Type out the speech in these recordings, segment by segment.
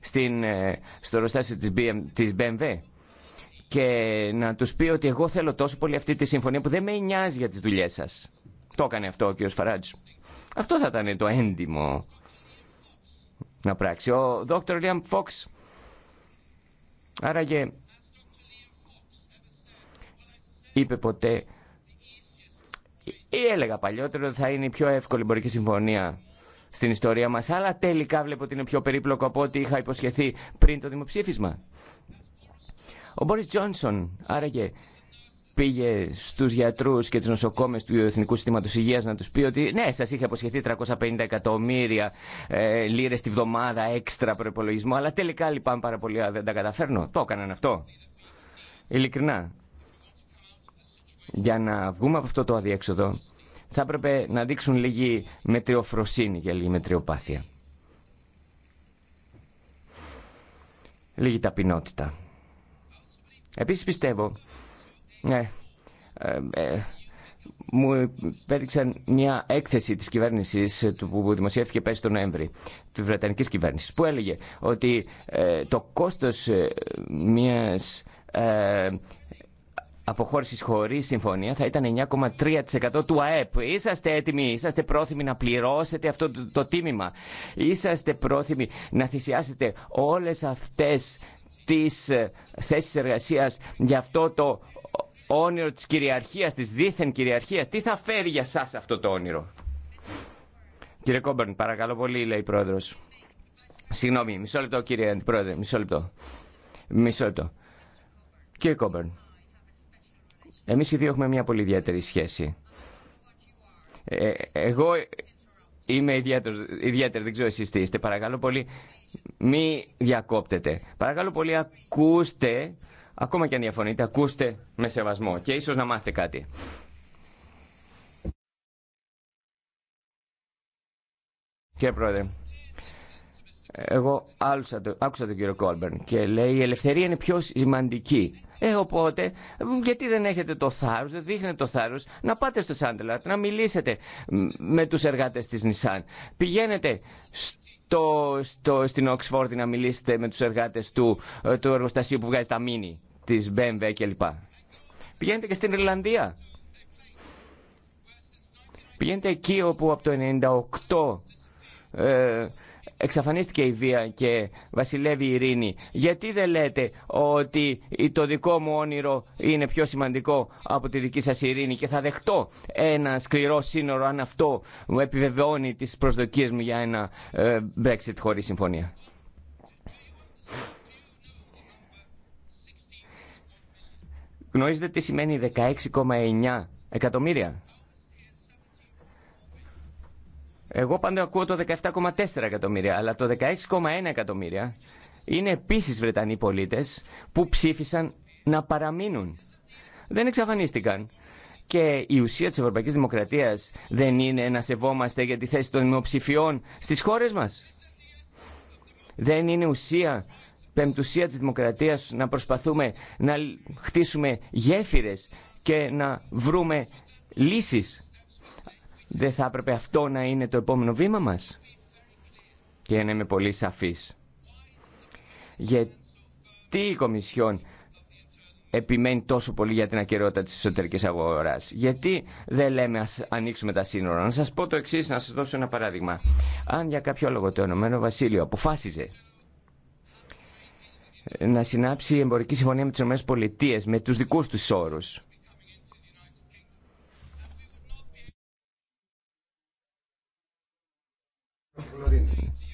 Στην, ε, στο ροστάσιο της, BM, της BMW και να τους πει ότι εγώ θέλω τόσο πολύ αυτή τη συμφωνία που δεν με νοιάζει για τις δουλειές σας. Το έκανε αυτό ο κ. Φαράτζ. Αυτό θα ήταν το έντιμο να πράξει. Ο Δόκτωρ Λίαμ Φόξ άραγε είπε ποτέ ή έλεγα παλιότερο θα είναι η πιο εύκολη εμπορική συμφωνία στην ιστορία μας, αλλά τελικά βλέπω ότι είναι πιο περίπλοκο από ό,τι είχα υποσχεθεί πριν το δημοψήφισμα. Ο Μπόρις Τζόνσον, άραγε, πήγε στους γιατρούς και τι νοσοκόμε του Εθνικού Συστήματος Υγεία να τους πει ότι ναι, σας είχε υποσχεθεί 350 εκατομμύρια ε, λίρες τη βδομάδα έξτρα προπολογισμό, αλλά τελικά λυπάμαι πάρα πολύ, δεν τα καταφέρνω. Το έκαναν αυτό. Ειλικρινά. Για να βγούμε από αυτό το αδιέξοδο, θα έπρεπε να δείξουν λίγη μετριοφροσύνη για λίγη μετριοπάθεια. Λίγη ταπεινότητα. Επίσης πιστεύω, ναι, ε, ε, μου πέδειξαν μια έκθεση της κυβέρνησης που δημοσιεύτηκε πέρσι τον Νοέμβρη, της Βρετανικής κυβέρνησης, που έλεγε ότι ε, το κόστος ε, μιας ε, Αποχώρηση χωρί συμφωνία θα ήταν 9,3% του ΑΕΠ. Είσαστε έτοιμοι, είσαστε πρόθυμοι να πληρώσετε αυτό το, τίμημα. Είσαστε πρόθυμοι να θυσιάσετε όλες αυτές τις ε, θέσει εργασία για αυτό το όνειρο της κυριαρχίας, τη δίθεν κυριαρχίας. Τι θα φέρει για εσά αυτό το όνειρο. Κύριε Κόμπερν, παρακαλώ πολύ, λέει η πρόεδρος. Συγγνώμη, μισό λεπτό κύριε Αντιπρόεδρε, μισό λεπτό. Μισό λεπτό. Κύριε Κόμπερν, εμείς οι δύο έχουμε μια πολύ ιδιαίτερη σχέση. Ε, εγώ είμαι ιδιαίτερο, ιδιαίτερο, δεν ξέρω εσείς τι είστε. Παρακαλώ πολύ, μη διακόπτετε. Παρακαλώ πολύ, ακούστε, ακόμα και αν διαφωνείτε, ακούστε με σεβασμό και ίσως να μάθετε κάτι. Κύριε Πρόεδρε, εγώ άκουσα, τον κύριο Κόλμπερν και λέει η ελευθερία είναι πιο σημαντική. Ε, οπότε, γιατί δεν έχετε το θάρρο, δεν δείχνετε το θάρρο να πάτε στο Σάντελαρτ, να μιλήσετε με του εργάτε τη Νισάν. Πηγαίνετε στο, στην Οξφόρδη να μιλήσετε με τους εργάτες του εργάτε του, εργοστασίου που βγάζει τα μίνι, τη BMW κλπ. Πηγαίνετε και στην Ιρλανδία. Πηγαίνετε εκεί όπου από το 98 ε, εξαφανίστηκε η βία και βασιλεύει η ειρήνη. Γιατί δεν λέτε ότι το δικό μου όνειρο είναι πιο σημαντικό από τη δική σας ειρήνη και θα δεχτώ ένα σκληρό σύνορο αν αυτό μου επιβεβαιώνει τις προσδοκίες μου για ένα ε, Brexit χωρίς συμφωνία. Γνωρίζετε τι σημαίνει 16,9 εκατομμύρια εγώ πάντα ακούω το 17,4 εκατομμύρια, αλλά το 16,1 εκατομμύρια είναι επίσης Βρετανοί πολίτες που ψήφισαν να παραμείνουν. Δεν εξαφανίστηκαν. Και η ουσία της Ευρωπαϊκής Δημοκρατίας δεν είναι να σεβόμαστε για τη θέση των δημοψηφιών στις χώρες μας. Δεν είναι ουσία, πεμπτουσία της Δημοκρατίας να προσπαθούμε να χτίσουμε γέφυρες και να βρούμε λύσεις δεν θα έπρεπε αυτό να είναι το επόμενο βήμα μας. Και να είμαι πολύ σαφής. Γιατί η Κομισιόν επιμένει τόσο πολύ για την ακαιρεότητα της εσωτερικής αγοράς. Γιατί δεν λέμε ας ανοίξουμε τα σύνορα. Να σας πω το εξής, να σας δώσω ένα παράδειγμα. Αν για κάποιο λόγο το Ενωμένο Βασίλειο αποφάσιζε να συνάψει εμπορική συμφωνία με τις ΗΠΑ, με τους δικούς τους όρους,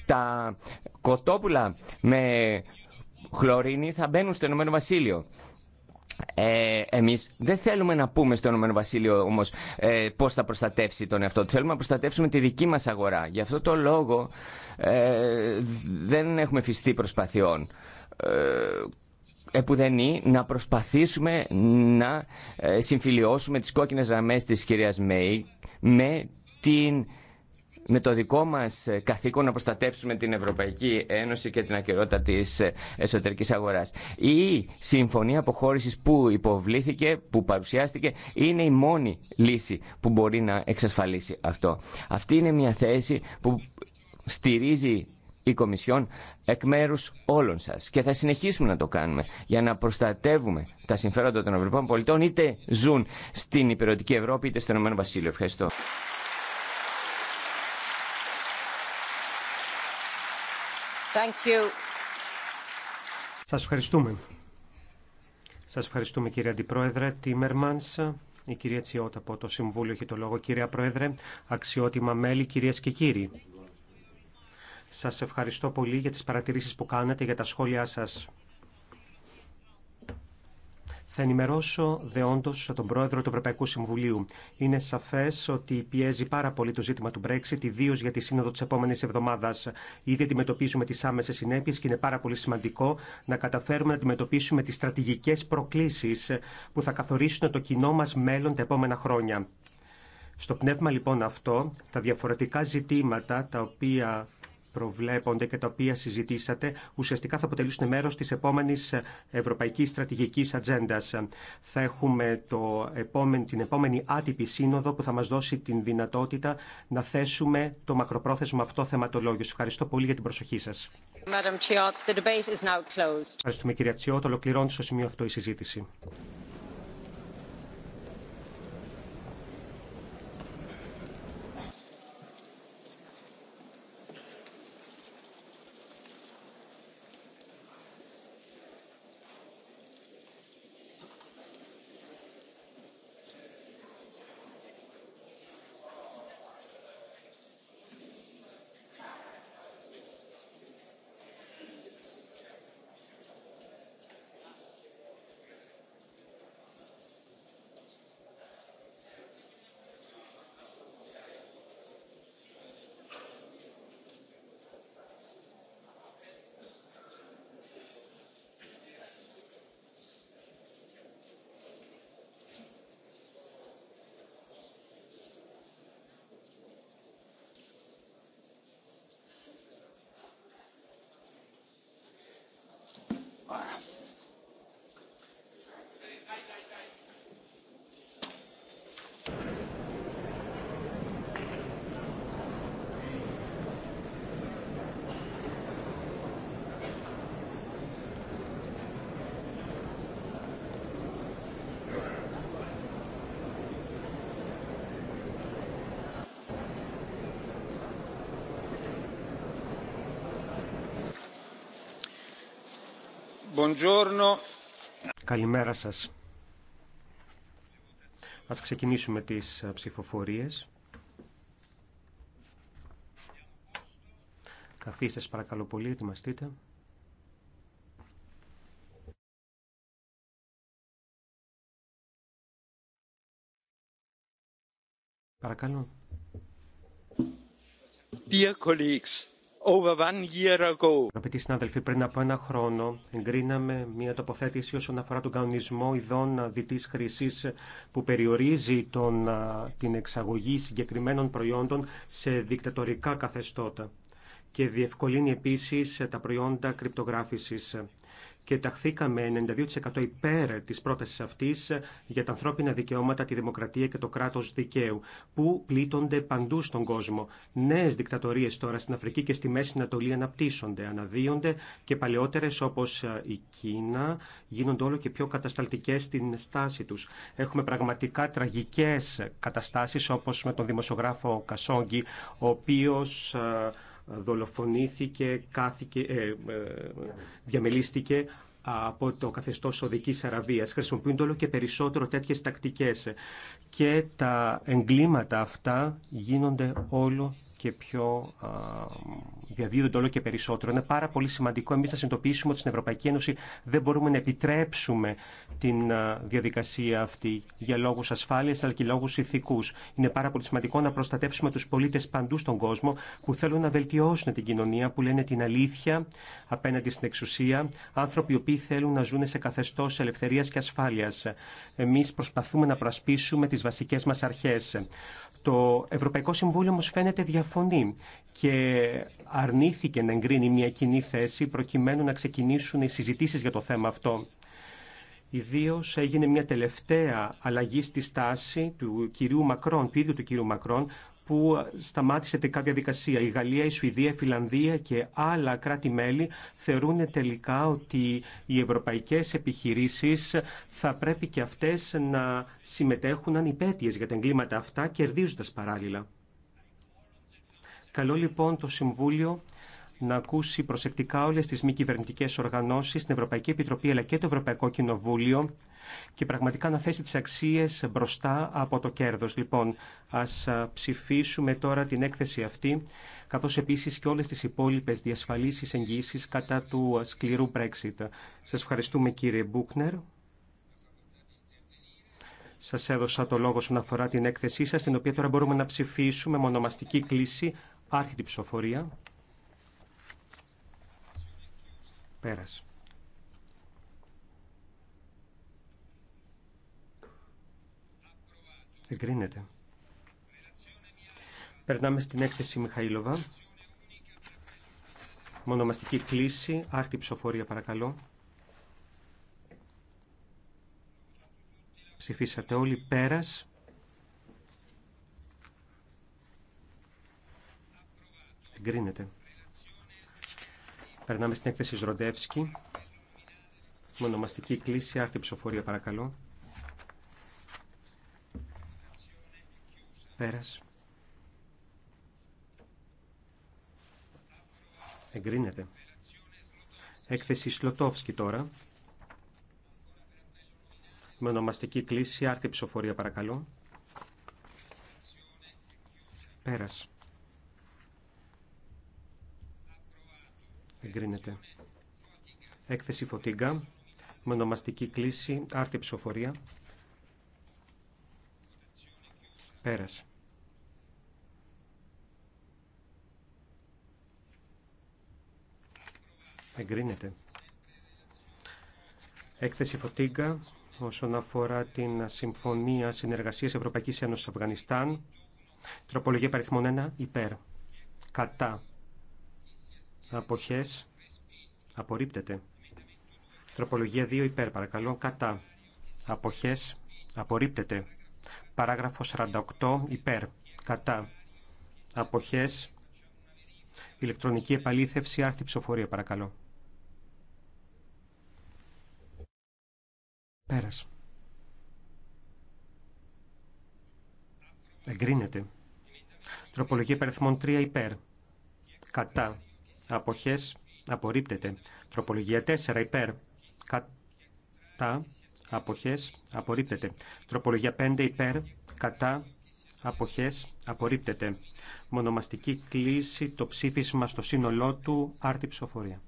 Τα κοτόπουλα με χλωρίνη θα μπαίνουν στο Ενωμένο Βασίλειο. Ε, εμείς δεν θέλουμε να πούμε στο Ηνωμένο Βασίλειο όμως ε, πώς θα προστατεύσει τον εαυτό του. Θέλουμε να προστατεύσουμε τη δική μας αγορά. Γι' αυτό το λόγο ε, δεν έχουμε φυστεί προσπαθειών. Ε, επουδενή να προσπαθήσουμε να ε, συμφιλιώσουμε τις κόκκινες γραμμές της κυρίας Μέη με την με το δικό μας ε, καθήκον να προστατέψουμε την Ευρωπαϊκή Ένωση και την ακαιρότητα τη ε, εσωτερική αγοράς. Η συμφωνία αποχώρηση που υποβλήθηκε, που παρουσιάστηκε, είναι η μόνη λύση που μπορεί να εξασφαλίσει αυτό. Αυτή είναι μια θέση που στηρίζει η Κομισιόν εκ μέρους όλων σας και θα συνεχίσουμε να το κάνουμε για να προστατεύουμε τα συμφέροντα των Ευρωπαίων πολιτών είτε ζουν στην υπηρετική Ευρώπη είτε στον Ηνωμένο Βασίλειο. Ευχαριστώ. Thank you. Σας ευχαριστούμε. Σας ευχαριστούμε κύριε Αντιπρόεδρε Τίμερμανς. Η κυρία Τσιώτα από το Συμβούλιο έχει το λόγο. Κυρία Πρόεδρε, αξιότιμα μέλη, κυρίες και κύριοι. Σας ευχαριστώ πολύ για τις παρατηρήσεις που κάνετε, για τα σχόλιά σας. Θα ενημερώσω δεόντω τον πρόεδρο του Ευρωπαϊκού Συμβουλίου. Είναι σαφέ ότι πιέζει πάρα πολύ το ζήτημα του Brexit, ιδίω για τη σύνοδο τη επόμενη εβδομάδα. Ήδη αντιμετωπίζουμε τι άμεσε συνέπειε και είναι πάρα πολύ σημαντικό να καταφέρουμε να αντιμετωπίσουμε τι στρατηγικέ προκλήσει που θα καθορίσουν το κοινό μα μέλλον τα επόμενα χρόνια. Στο πνεύμα λοιπόν αυτό, τα διαφορετικά ζητήματα τα οποία προβλέπονται και τα οποία συζητήσατε ουσιαστικά θα αποτελούσουν μέρος της επόμενης ευρωπαϊκής στρατηγικής ατζέντα. Θα έχουμε το επόμενη, την επόμενη άτυπη σύνοδο που θα μας δώσει την δυνατότητα να θέσουμε το μακροπρόθεσμο αυτό θεματολόγιο. Σας ευχαριστώ πολύ για την προσοχή σας. Ευχαριστούμε κυρία Τσιότ. Ολοκληρώνει στο σημείο αυτό η συζήτηση. Buongiorno. Καλημέρα σας. Ας ξεκινήσουμε τις ε, ψηφοφορίες. Καθίστε παρακαλώ πολύ, ετοιμαστείτε. Παρακαλώ. Dear colleagues, Αγαπητοί συνάδελφοι, πριν από ένα χρόνο εγκρίναμε μια τοποθέτηση όσον αφορά τον κανονισμό ειδών διτής χρήση που περιορίζει τον, την εξαγωγή συγκεκριμένων προϊόντων σε δικτατορικά καθεστώτα και διευκολύνει επίσης τα προϊόντα κρυπτογράφησης και ταχθήκαμε 92% υπέρ τη πρόταση αυτή για τα ανθρώπινα δικαιώματα, τη δημοκρατία και το κράτο δικαίου, που πλήττονται παντού στον κόσμο. Νέε δικτατορίε τώρα στην Αφρική και στη Μέση Ανατολή αναπτύσσονται, αναδύονται και παλαιότερε όπω ε, η Κίνα γίνονται όλο και πιο κατασταλτικέ στην στάση του. Έχουμε πραγματικά τραγικέ καταστάσει όπω με τον δημοσιογράφο Κασόγκη, ο οποίο ε, δολοφονήθηκε, κάθηκε, ε, ε, διαμελίστηκε από το καθεστώς οδική Αραβίας. Χρησιμοποιούνται όλο και περισσότερο τέτοιες τακτικές και τα εγκλήματα αυτά γίνονται όλο και πιο α, διαδίδονται όλο και περισσότερο. Είναι πάρα πολύ σημαντικό εμείς να συνειδητοποιήσουμε ότι στην Ευρωπαϊκή Ένωση δεν μπορούμε να επιτρέψουμε την διαδικασία αυτή για λόγους ασφάλειας αλλά και λόγους ηθικούς. Είναι πάρα πολύ σημαντικό να προστατεύσουμε τους πολίτες παντού στον κόσμο που θέλουν να βελτιώσουν την κοινωνία, που λένε την αλήθεια απέναντι στην εξουσία, άνθρωποι οι οποίοι θέλουν να ζουν σε καθεστώς ελευθερίας και ασφάλειας. Εμείς προσπαθούμε να προασπίσουμε τις βασικές μας αρχές. Το Ευρωπαϊκό Συμβούλιο όμως φαίνεται διαφορετικό και αρνήθηκε να εγκρίνει μια κοινή θέση προκειμένου να ξεκινήσουν οι συζητήσεις για το θέμα αυτό. Ιδίω έγινε μια τελευταία αλλαγή στη στάση του κυρίου Μακρόν, του ίδιου του κυρίου Μακρόν, που σταμάτησε τελικά διαδικασία. Η Γαλλία, η Σουηδία, η Φιλανδία και άλλα κράτη-μέλη θεωρούν τελικά ότι οι ευρωπαϊκές επιχειρήσεις θα πρέπει και αυτές να συμμετέχουν ανυπέτειες για τα εγκλήματα αυτά, κερδίζοντας παράλληλα. Καλό λοιπόν το Συμβούλιο να ακούσει προσεκτικά όλες τις μη κυβερνητικέ οργανώσεις, την Ευρωπαϊκή Επιτροπή αλλά και το Ευρωπαϊκό Κοινοβούλιο και πραγματικά να θέσει τις αξίες μπροστά από το κέρδος. Λοιπόν, ας ψηφίσουμε τώρα την έκθεση αυτή, καθώς επίσης και όλες τις υπόλοιπες διασφαλίσεις εγγύησης κατά του σκληρού Brexit. Σας ευχαριστούμε κύριε Μπούκνερ. Σας έδωσα το λόγο να αφορά την έκθεσή σας, την οποία τώρα μπορούμε να ψηφίσουμε με ονομαστική κλίση άρχιτη ψηφοφορία. Πέρασε. Εγκρίνεται. Περνάμε στην έκθεση Μιχαήλοβα. Μονομαστική κλίση. Άρχιτη ψηφοφορία παρακαλώ. Ψηφίσατε όλοι. Πέρας. Εγκρίνεται. Περνάμε στην έκθεση Ζροντεύσκη. Μονομαστική κλίση, άρτη ψηφοφορία παρακαλώ. Πέρας. Εγκρίνεται. Έκθεση Σλοτόφσκι τώρα. Με ονομαστική κλίση, άρτη ψηφοφορία παρακαλώ. Πέρας. Εγκρίνεται. Έκθεση Φωτίγκα. Με ονομαστική κλίση. Άρτη ψηφοφορία. Πέρασε. Εγκρίνεται. Έκθεση Φωτίγκα όσον αφορά την Συμφωνία Συνεργασίας Ευρωπαϊκής Ένωσης Αφγανιστάν. Τροπολογία παριθμών 1. Υπέρ. Κατά αποχές απορρίπτεται. Τροπολογία 2 υπέρ παρακαλώ κατά αποχές απορρίπτεται. Παράγραφος 48 υπέρ κατά αποχές ηλεκτρονική επαλήθευση άρθρη ψηφοφορία παρακαλώ. Πέρας. Εγκρίνεται. Τροπολογία υπερθμών 3 υπέρ. Κατά αποχές απορρίπτεται. Τροπολογία 4 υπέρ κατά αποχές απορρίπτεται. Τροπολογία 5 υπέρ κατά αποχές απορρίπτεται. Μονομαστική κλίση το ψήφισμα στο σύνολό του άρτη ψηφοφορία.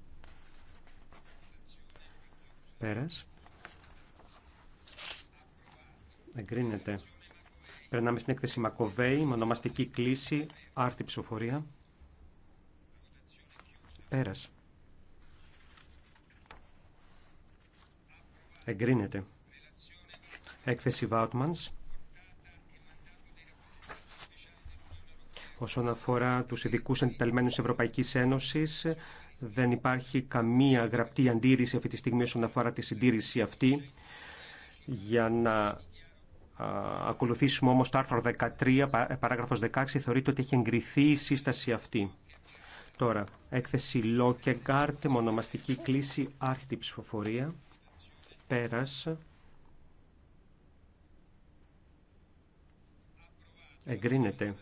Πέρας. Εγκρίνεται. Περνάμε στην έκθεση Μακοβέη, μονομαστική κλίση, άρτη ψηφοφορία. Εγκρίνεται. Έκθεση Βάουτμανς. Όσον αφορά τους ειδικούς αντιταλμένους Ευρωπαϊκής Ένωσης, δεν υπάρχει καμία γραπτή αντίρρηση αυτή τη στιγμή όσον αφορά τη συντήρηση αυτή. Για να ακολουθήσουμε όμως το άρθρο 13, παράγραφος 16, θεωρείται ότι έχει εγκριθεί η σύσταση αυτή. Τώρα, έκθεση Λόκεγκάρτ, μονομαστική κλίση, άρχιτη ψηφοφορία. Πέρας. Εγκρίνεται.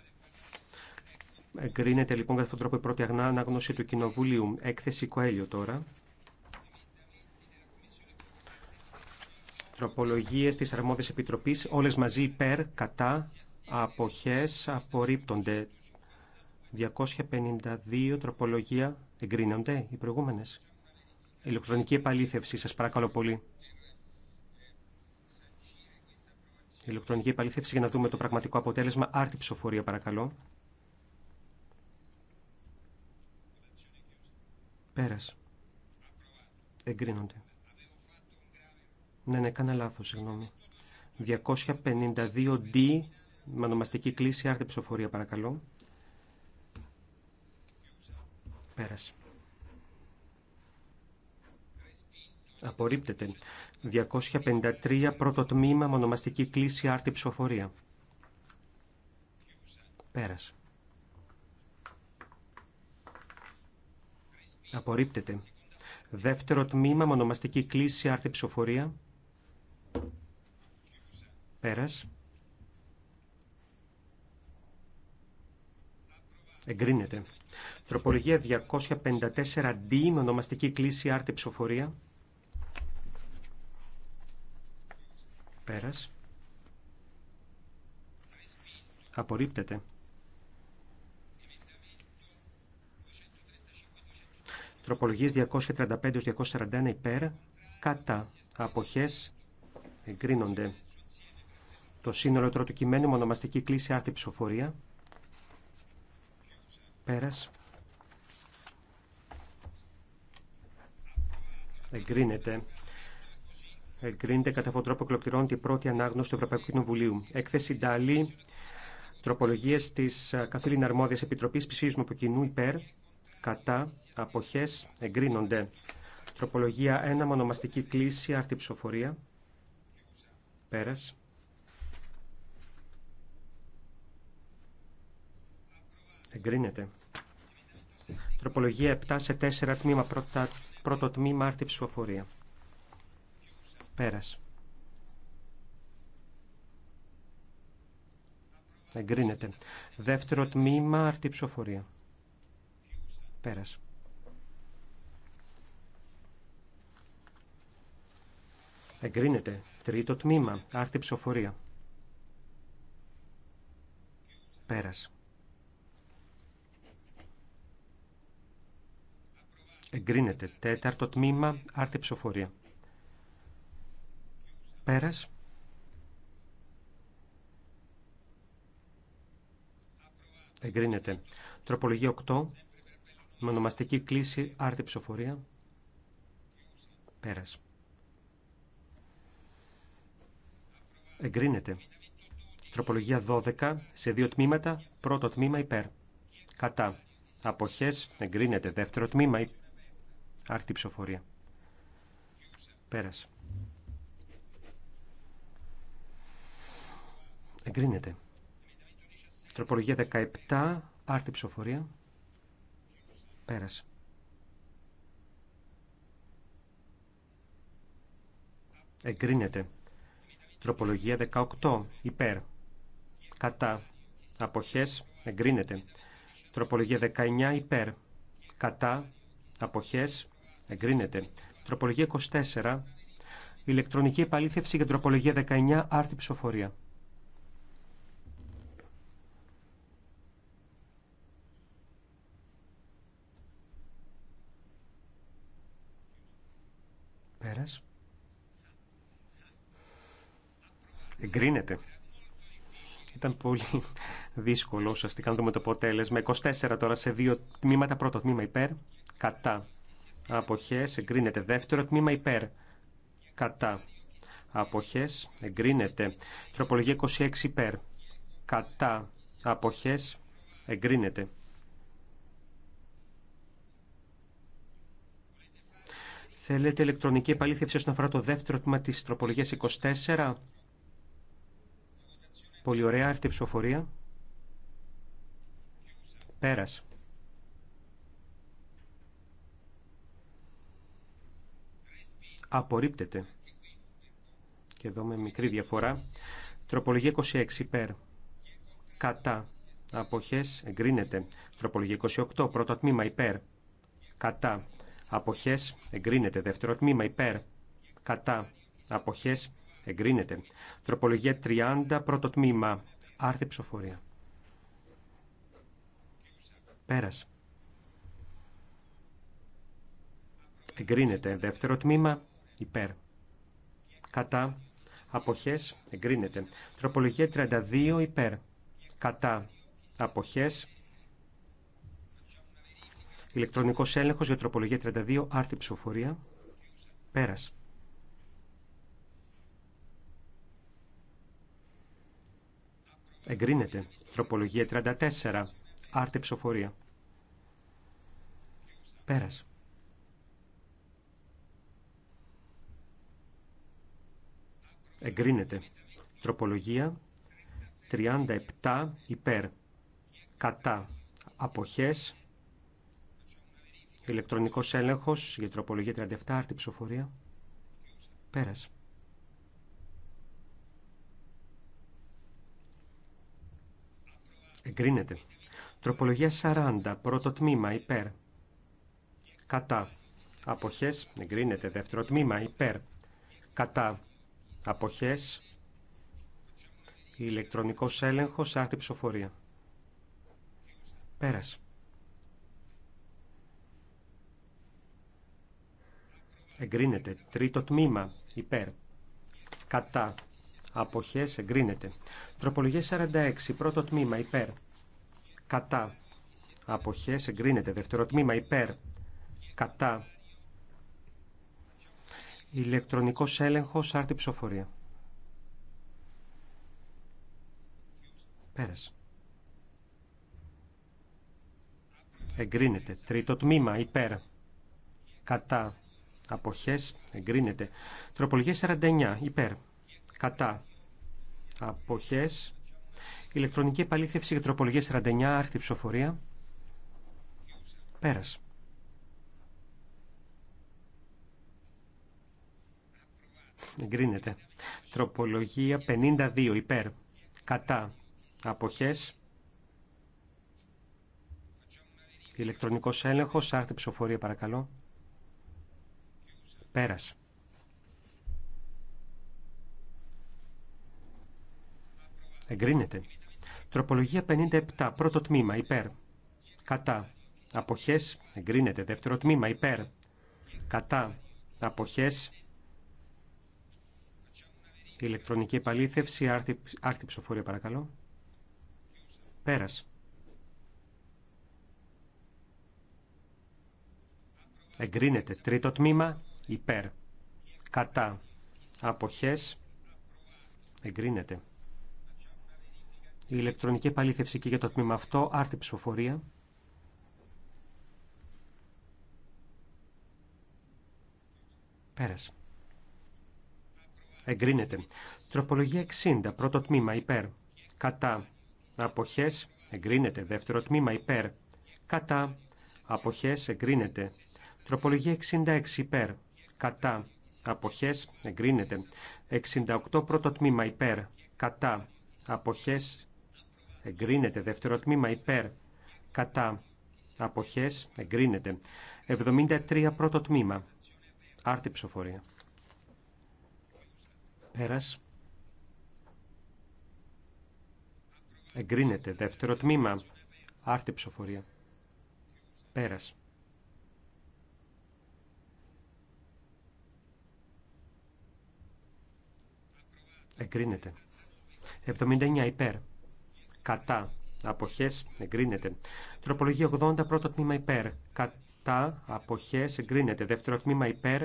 Εγκρίνεται λοιπόν κατά αυτόν τον τρόπο η πρώτη αναγνώση του Κοινοβουλίου. Έκθεση Κοέλιο τώρα. Τροπολογίες της αρμόδιας επιτροπής, όλες μαζί υπέρ, κατά, αποχές, απορρίπτονται. 252 τροπολογία εγκρίνονται οι προηγούμενες. Ηλεκτρονική επαλήθευση, σας παρακαλώ πολύ. Ηλεκτρονική επαλήθευση για να δούμε το πραγματικό αποτέλεσμα. Άρτη ψηφοφορία, παρακαλώ. Πέρας. Εγκρίνονται. Ναι, ναι, κάνα λάθος, συγγνώμη. 252D, με κλίση, άρτη ψηφοφορία, παρακαλώ. Πέρασε. Απορρίπτεται. 253 πρώτο τμήμα μονομαστική κλίση άρτη ψηφοφορία. Πέρασε. Απορρίπτεται. Δεύτερο τμήμα μονομαστική κλίση άρτη ψηφοφορία. Πέρας. Εγκρίνεται. Τροπολογία 254D με ονομαστική κλίση άρτη ψηφοφορία. Πέρας. Απορρίπτεται. Τροπολογίες 235-241 υπέρ, κατά αποχές εγκρίνονται. Το σύνολο τώρα κειμένου με ονομαστική κλίση άρτη ψηφοφορία. Πέρας. Εγκρίνεται. Εγκρίνεται κατά αυτόν τον τρόπο εκλοκληρώνεται την πρώτη ανάγνωση του Ευρωπαϊκού Κοινοβουλίου. Έκθεση Ντάλι, τροπολογίε τη καθήλυνα αρμόδια επιτροπή ψηφίζουμε από κοινού υπέρ, κατά, αποχέ, εγκρίνονται. Τροπολογία 1, μονομαστική κλίση, άρτη ψηφοφορία. Πέρα. Εγκρίνεται. Τροπολογία 7 σε 4 τμήμα πρώτα Πρώτο τμήμα άρτη ψηφοφορία. Πέρας. Εγκρίνεται. Δεύτερο τμήμα άρτη ψηφοφορία. Πέρας. Εγκρίνεται. Τρίτο τμήμα άρτη ψηφοφορία. Πέρας. Εγκρίνεται. Τέταρτο τμήμα. Άρτη ψηφοφορία. Πέρας. Εγκρίνεται. Τροπολογία 8. Με ονομαστική κλίση. Άρτη ψηφοφορία. Πέρας. Εγκρίνεται. Τροπολογία 12 σε δύο τμήματα. Πρώτο τμήμα υπέρ. Κατά. Αποχές εγκρίνεται. Δεύτερο τμήμα υπέρ. Άρτη ψηφοφορία. Πέρασε. Εγκρίνεται. Τροπολογία 17. Άρτη ψηφοφορία. Πέρασε. Εγκρίνεται. Τροπολογία 18. Υπέρ. Κατά. Αποχές. Εγκρίνεται. Τροπολογία 19. Υπέρ. Κατά. Αποχές. Εγκρίνεται. Τροπολογία 24. Ηλεκτρονική επαλήθευση για τροπολογία 19. Άρτη ψηφοφορία. Πέρας. Εγκρίνεται. Ήταν πολύ δύσκολο ουσιαστικά να δούμε το αποτέλεσμα. 24 τώρα σε δύο τμήματα. Πρώτο τμήμα υπέρ. Κατά αποχές εγκρίνεται. Δεύτερο τμήμα υπέρ, κατά, αποχές εγκρίνεται. Τροπολογία 26 υπέρ, κατά, αποχές εγκρίνεται. Θέλετε ηλεκτρονική επαλήθευση όσον αφορά το δεύτερο τμήμα της τροπολογίας 24. Πολύ ωραία, έρθει ψηφοφορία. Πέρας. Απορρίπτεται. Και εδώ με μικρή διαφορά. Τροπολογία 26 υπέρ. Κατά. Αποχές εγκρίνεται. Τροπολογία 28. Πρώτο τμήμα υπέρ. Κατά. Αποχές εγκρίνεται. Δεύτερο τμήμα υπέρ. Κατά. Αποχές εγκρίνεται. Τροπολογία 30. Πρώτο τμήμα. Άρθρη ψοφορία. Πέρας. Εγκρίνεται. Δεύτερο τμήμα υπέρ. Κατά. Αποχές εγκρίνεται. Τροπολογία 32 υπέρ. Κατά. Αποχές. Ηλεκτρονικός έλεγχος για τροπολογία 32. Άρτη ψηφοφορία. Πέρας. Εγκρίνεται. Τροπολογία 34. Άρτη ψηφοφορία. Πέρας. Εγκρίνεται. Τροπολογία 37 υπέρ. Κατά. Αποχές. Ηλεκτρονικός έλεγχος για τροπολογία 37. Άρτη ψηφοφορία. Πέρας. Εγκρίνεται. Τροπολογία 40. Πρώτο τμήμα υπέρ. Κατά. Αποχές. Εγκρίνεται. Δεύτερο τμήμα υπέρ. Κατά αποχές, ηλεκτρονικός έλεγχος, άρτη ψηφοφορία. Πέρας. Εγκρίνεται. Τρίτο τμήμα. Υπέρ. Κατά. Αποχές. Εγκρίνεται. Τροπολογία 46. Πρώτο τμήμα. Υπέρ. Κατά. Αποχές. Εγκρίνεται. Δεύτερο τμήμα. Υπέρ. Κατά. Ηλεκτρονικός έλεγχος, άρτη ψηφοφορία. Πέρασε. Εγκρίνεται. Τρίτο τμήμα, υπέρ. Κατά. Αποχές, εγκρίνεται. Τροπολογία 49, υπέρ. Κατά. Αποχές. Ηλεκτρονική επαλήθευση για τροπολογία 49, άρτη ψηφοφορία. Πέρασε. Εγκρίνεται. Τροπολογία 52 υπέρ. Κατά. Αποχές. Ηλεκτρονικός έλεγχος. Άρθιψη ψηφοφορία παρακαλώ. Πέρας. Εγκρίνεται. Τροπολογία 57. Πρώτο τμήμα. Υπέρ. Κατά. Αποχές. Εγκρίνεται. Δεύτερο τμήμα. Υπέρ. Κατά. Αποχές. Η Ηλεκτρονική επαλήθευση, άρτη, άρτη ψηφοφορία παρακαλώ. Πέρας. Εγκρίνεται τρίτο τμήμα, υπέρ. Κατά. Αποχές. Εγκρίνεται. Η ηλεκτρονική επαλήθευση και για το τμήμα αυτό, άρτη ψηφοφορία. Πέρας εγκρίνεται. Τροπολογία 60, πρώτο τμήμα υπέρ, κατά, αποχές, εγκρίνεται. Δεύτερο τμήμα υπέρ, κατά, αποχές, εγκρίνεται. Τροπολογία 66 υπέρ, κατά, αποχές, εγκρίνεται. 68 πρώτο τμήμα υπέρ, κατά, αποχές, εγκρίνεται. Δεύτερο τμήμα υπέρ, κατά, αποχές, εγκρίνεται. 73 πρώτο τμήμα, άρτη ψηφοφορία. Πέρας. Εγκρίνεται. Δεύτερο τμήμα. Άρτη ψηφοφορία. Πέρας. Εγκρίνεται. 79 υπέρ. Κατά. Αποχές. Εγκρίνεται. Τροπολογία 80. Πρώτο τμήμα υπέρ. Κατά. Αποχές. Εγκρίνεται. Δεύτερο τμήμα υπέρ.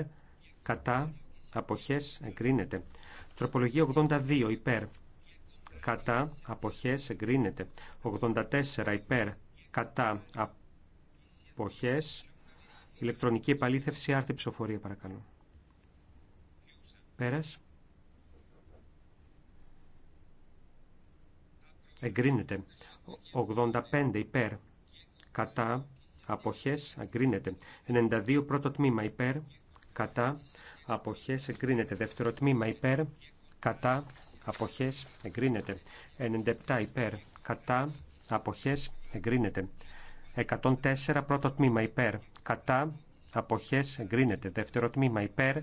Κατά. Αποχές. Εγκρίνεται. Τροπολογία 82 υπέρ. Κατά αποχές εγκρίνεται. 84 υπέρ. Κατά αποχές. Ηλεκτρονική επαλήθευση άρθρη ψηφοφορία παρακαλώ. Πέρας. Εγκρίνεται. 85 υπέρ. Κατά αποχές εγκρίνεται. 92 πρώτο τμήμα υπέρ. Κατά αποχές εγκρίνεται. Δεύτερο τμήμα υπέρ, κατά, αποχές εγκρίνεται. 97 υπέρ, κατά, αποχές εγκρίνεται. 104 πρώτο τμήμα υπέρ, κατά, αποχές εγκρίνεται. Δεύτερο τμήμα υπέρ,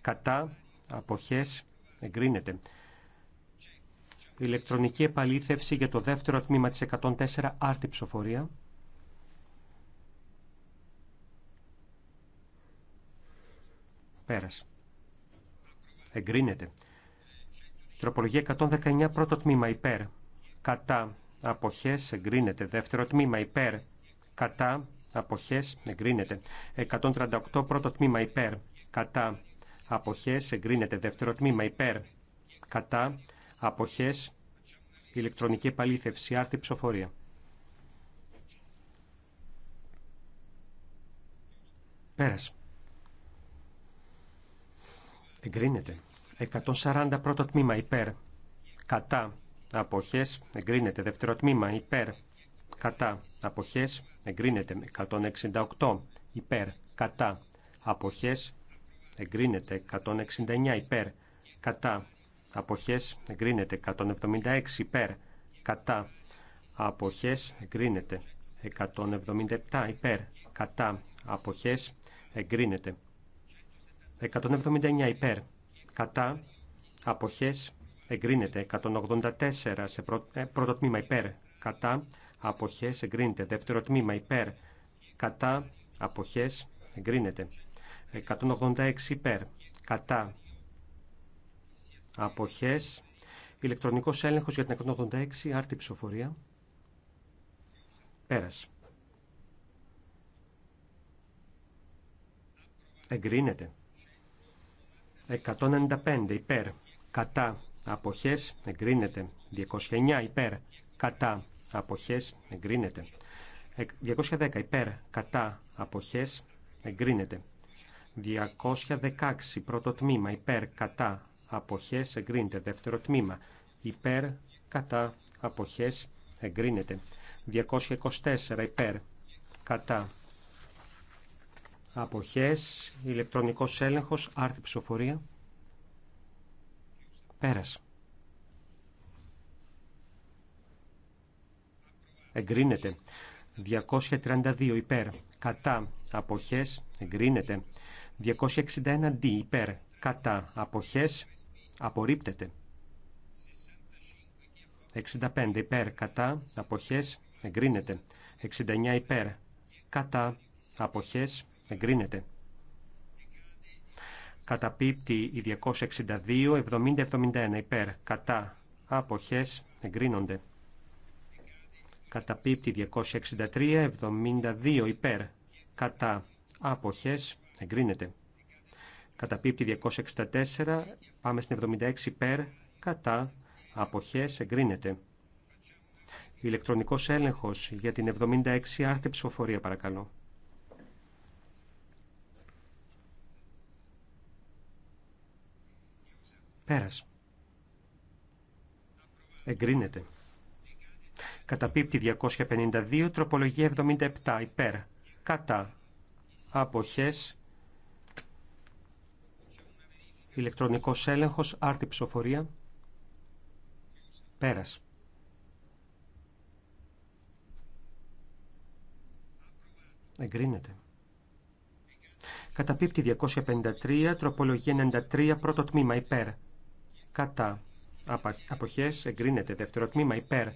κατά, αποχές εγκρίνεται. Ηλεκτρονική επαλήθευση για το δεύτερο τμήμα της 104 άρτη ψηφοφορία. Πέρας. Εγκρίνεται. Τροπολογία 119 πρώτο τμήμα υπέρ. Κατά. Αποχές εγκρίνεται. Δεύτερο τμήμα υπέρ. Κατά. Αποχές εγκρίνεται. 138 πρώτο τμήμα υπέρ. Κατά. Αποχές εγκρίνεται. Δεύτερο τμήμα υπέρ. Κατά. Αποχές. Ηλεκτρονική επαλήθευση. Άρτη ψηφοφορία. Πέρας εγκρίνεται. 140 πρώτο τμήμα υπέρ, κατά, απόχέ. εγκρίνεται. Δεύτερο τμήμα υπέρ, κατά, αποχέ. εγκρίνεται. 168 υπέρ, κατά, Αποχέ. εγκρίνεται. 169 υπέρ, κατά, αποχέ. εγκρίνεται. 176 υπέρ, κατά, απόχέ. εγκρίνεται. 177 υπέρ, κατά, απόχέ. εγκρίνεται. 179 υπέρ. Κατά. Αποχές. Εγκρίνεται. 184 σε ε, πρώτο τμήμα υπέρ. Κατά. Αποχές. Εγκρίνεται. Δεύτερο τμήμα υπέρ. Κατά. Αποχές. Εγκρίνεται. 186 υπέρ. Κατά. Αποχές. Ηλεκτρονικός έλεγχος για την 186. Άρτη ψηφοφορία. Πέρασε. Εγκρίνεται. 195 υπέρ κατά αποχές εγκρίνεται. 209 υπέρ κατά αποχές εγκρίνεται. 210 υπέρ κατά αποχές εγκρίνεται. 216 πρώτο τμήμα υπέρ κατά αποχές εγκρίνεται. Δεύτερο τμήμα υπέρ κατά αποχές εγκρίνεται. 224 υπέρ κατά Αποχές, ηλεκτρονικός έλεγχος, άρθρη ψηφοφορία. Πέρας. Εγκρίνεται. 232 υπέρ. Κατά. Αποχές. Εγκρίνεται. 261 δι υπέρ. Κατά. Αποχές. Απορρίπτεται. 65 υπέρ. Κατά. Αποχές. Εγκρίνεται. 69 υπέρ. Κατά. Αποχές Εγκρίνεται. Καταπίπτει η 262, 70-71 υπέρ. Κατά. Αποχές. Εγκρίνονται. Καταπίπτει 263, 72 υπέρ. Κατά. Αποχές. Εγκρίνεται. Καταπίπτει 264. Πάμε στην 76 υπέρ. Κατά. Αποχές. Εγκρίνεται. Ηλεκτρονικός έλεγχος για την 76 άρτη ψηφοφορία παρακαλώ. Πέρας. Εγκρίνεται. Καταπίπτει 252, τροπολογία 77, υπέρ. Κατά. Αποχές. Ηλεκτρονικός έλεγχος, άρτη ψηφοφορία. Πέρας. Εγκρίνεται. Καταπίπτει 253, τροπολογία 93, πρώτο τμήμα, υπέρ κατά αποχές εγκρίνεται. Δεύτερο τμήμα υπέρ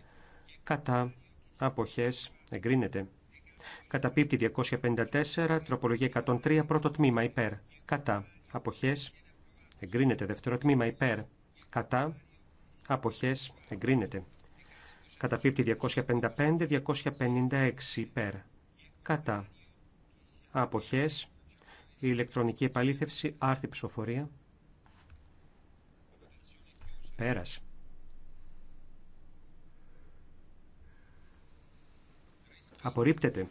κατά αποχές εγκρίνεται. Κατά πίπτη 254, τροπολογία 103, πρώτο τμήμα υπέρ κατά αποχές εγκρίνεται. Δεύτερο τμήμα υπέρ κατά αποχές εγκρίνεται. εγκρίνεται. πίπτη 255, 256 υπέρ κατά αποχές η ηλεκτρονική επαλήθευση άρτη ψηφοφορία. Πέρασε. Απορρίπτεται.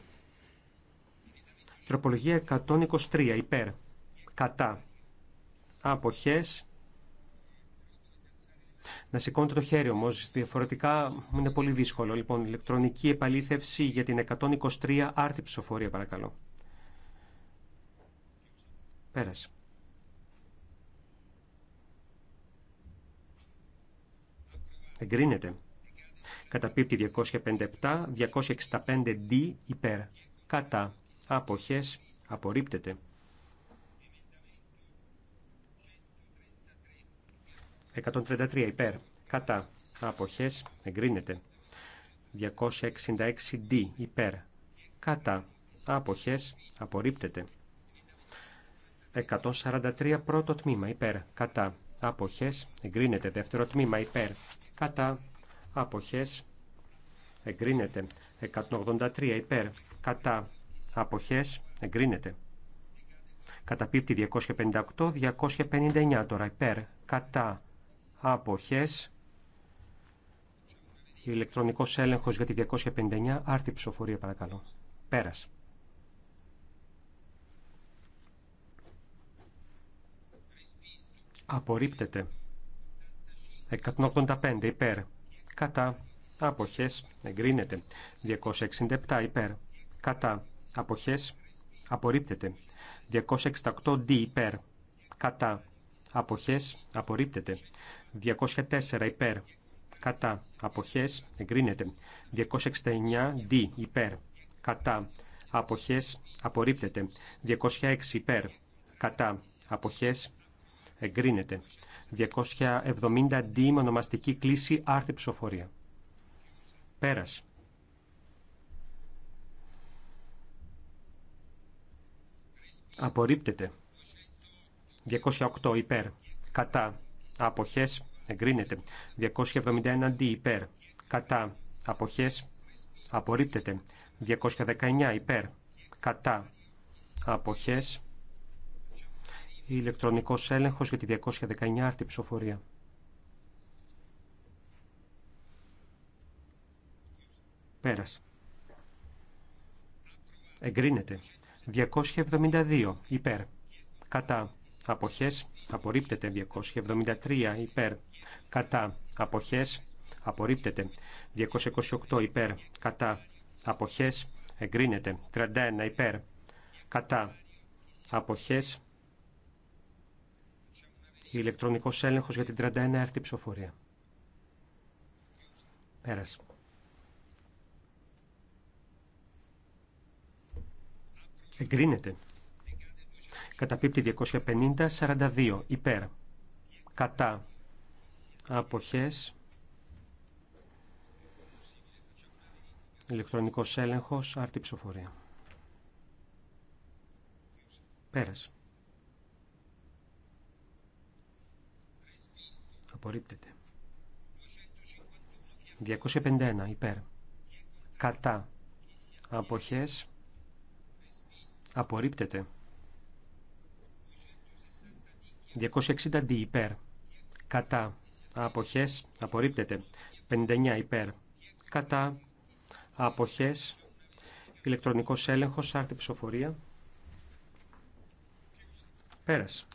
Τροπολογία 123 υπέρ. Κατά. Αποχές. Να σηκώνετε το χέρι όμω, διαφορετικά είναι πολύ δύσκολο. Λοιπόν, ηλεκτρονική επαλήθευση για την 123 άρτη ψηφοφορία, παρακαλώ. Πέρασε. Εγκρίνεται. Καταπίπτει 257, 265D υπέρ. Κατά. Αποχές. Απορρίπτεται. 133 υπέρ. Κατά. Αποχές. Εγκρίνεται. 266D υπέρ. Κατά. Αποχές. Απορρίπτεται. 143 πρώτο τμήμα υπέρ. Κατά αποχές εγκρίνεται. Δεύτερο τμήμα υπέρ κατά αποχές εγκρίνεται. 183 υπέρ κατά αποχές εγκρίνεται. Καταπίπτει 258, 259 τώρα υπέρ κατά αποχές ηλεκτρονικός έλεγχος για τη 259 άρτη ψηφοφορία παρακαλώ. Πέρασε. απορρίπτεται. 185 υπέρ, κατά, αποχές, εγκρίνεται. 267 υπέρ, κατά, αποχές, απορρίπτεται. 268 δι υπέρ, κατά, αποχές, απορρίπτεται. 204 υπέρ, κατά, αποχές, εγκρίνεται. 269 δι υπέρ, κατά, αποχές, απορρίπτεται. 206 υπέρ, κατά, αποχές, Εγκρίνεται. 270 D με ονομαστική κλίση άρτη ψηφοφορία. Πέρας. Απορρίπτεται. 208 υπέρ. Κατά. Αποχές. Εγκρίνεται. 271 D υπέρ. Κατά. Αποχές. Απορρίπτεται. 219 υπέρ. Κατά. Αποχές ηλεκτρονικός έλεγχος για τη 219 άρτη ψηφοφορία. Πέρασε. Εγκρίνεται. 272 υπέρ. Κατά. Αποχές. Απορρίπτεται. 273 υπέρ. Κατά. Αποχές. Απορρίπτεται. 228 υπέρ. Κατά. Αποχές. Εγκρίνεται. 31 υπέρ. Κατά. Αποχές ηλεκτρονικός έλεγχος για την 31 έρθει ψηφοφορία. Πέρασε. Εγκρίνεται. Καταπίπτει 250, 42, υπέρ. Κατά. Αποχές. Ηλεκτρονικός έλεγχος, άρτη ψηφοφορία. Πέρασε. Απορρίπτεται. 251 υπέρ. Κατά. Αποχές. Απορρίπτεται. 260 δι υπέρ. Κατά. Αποχές. Απορρίπτεται. 59 υπέρ. Κατά. Αποχές. Ηλεκτρονικός έλεγχος. Άρτη ψηφοφορία. Πέρασε.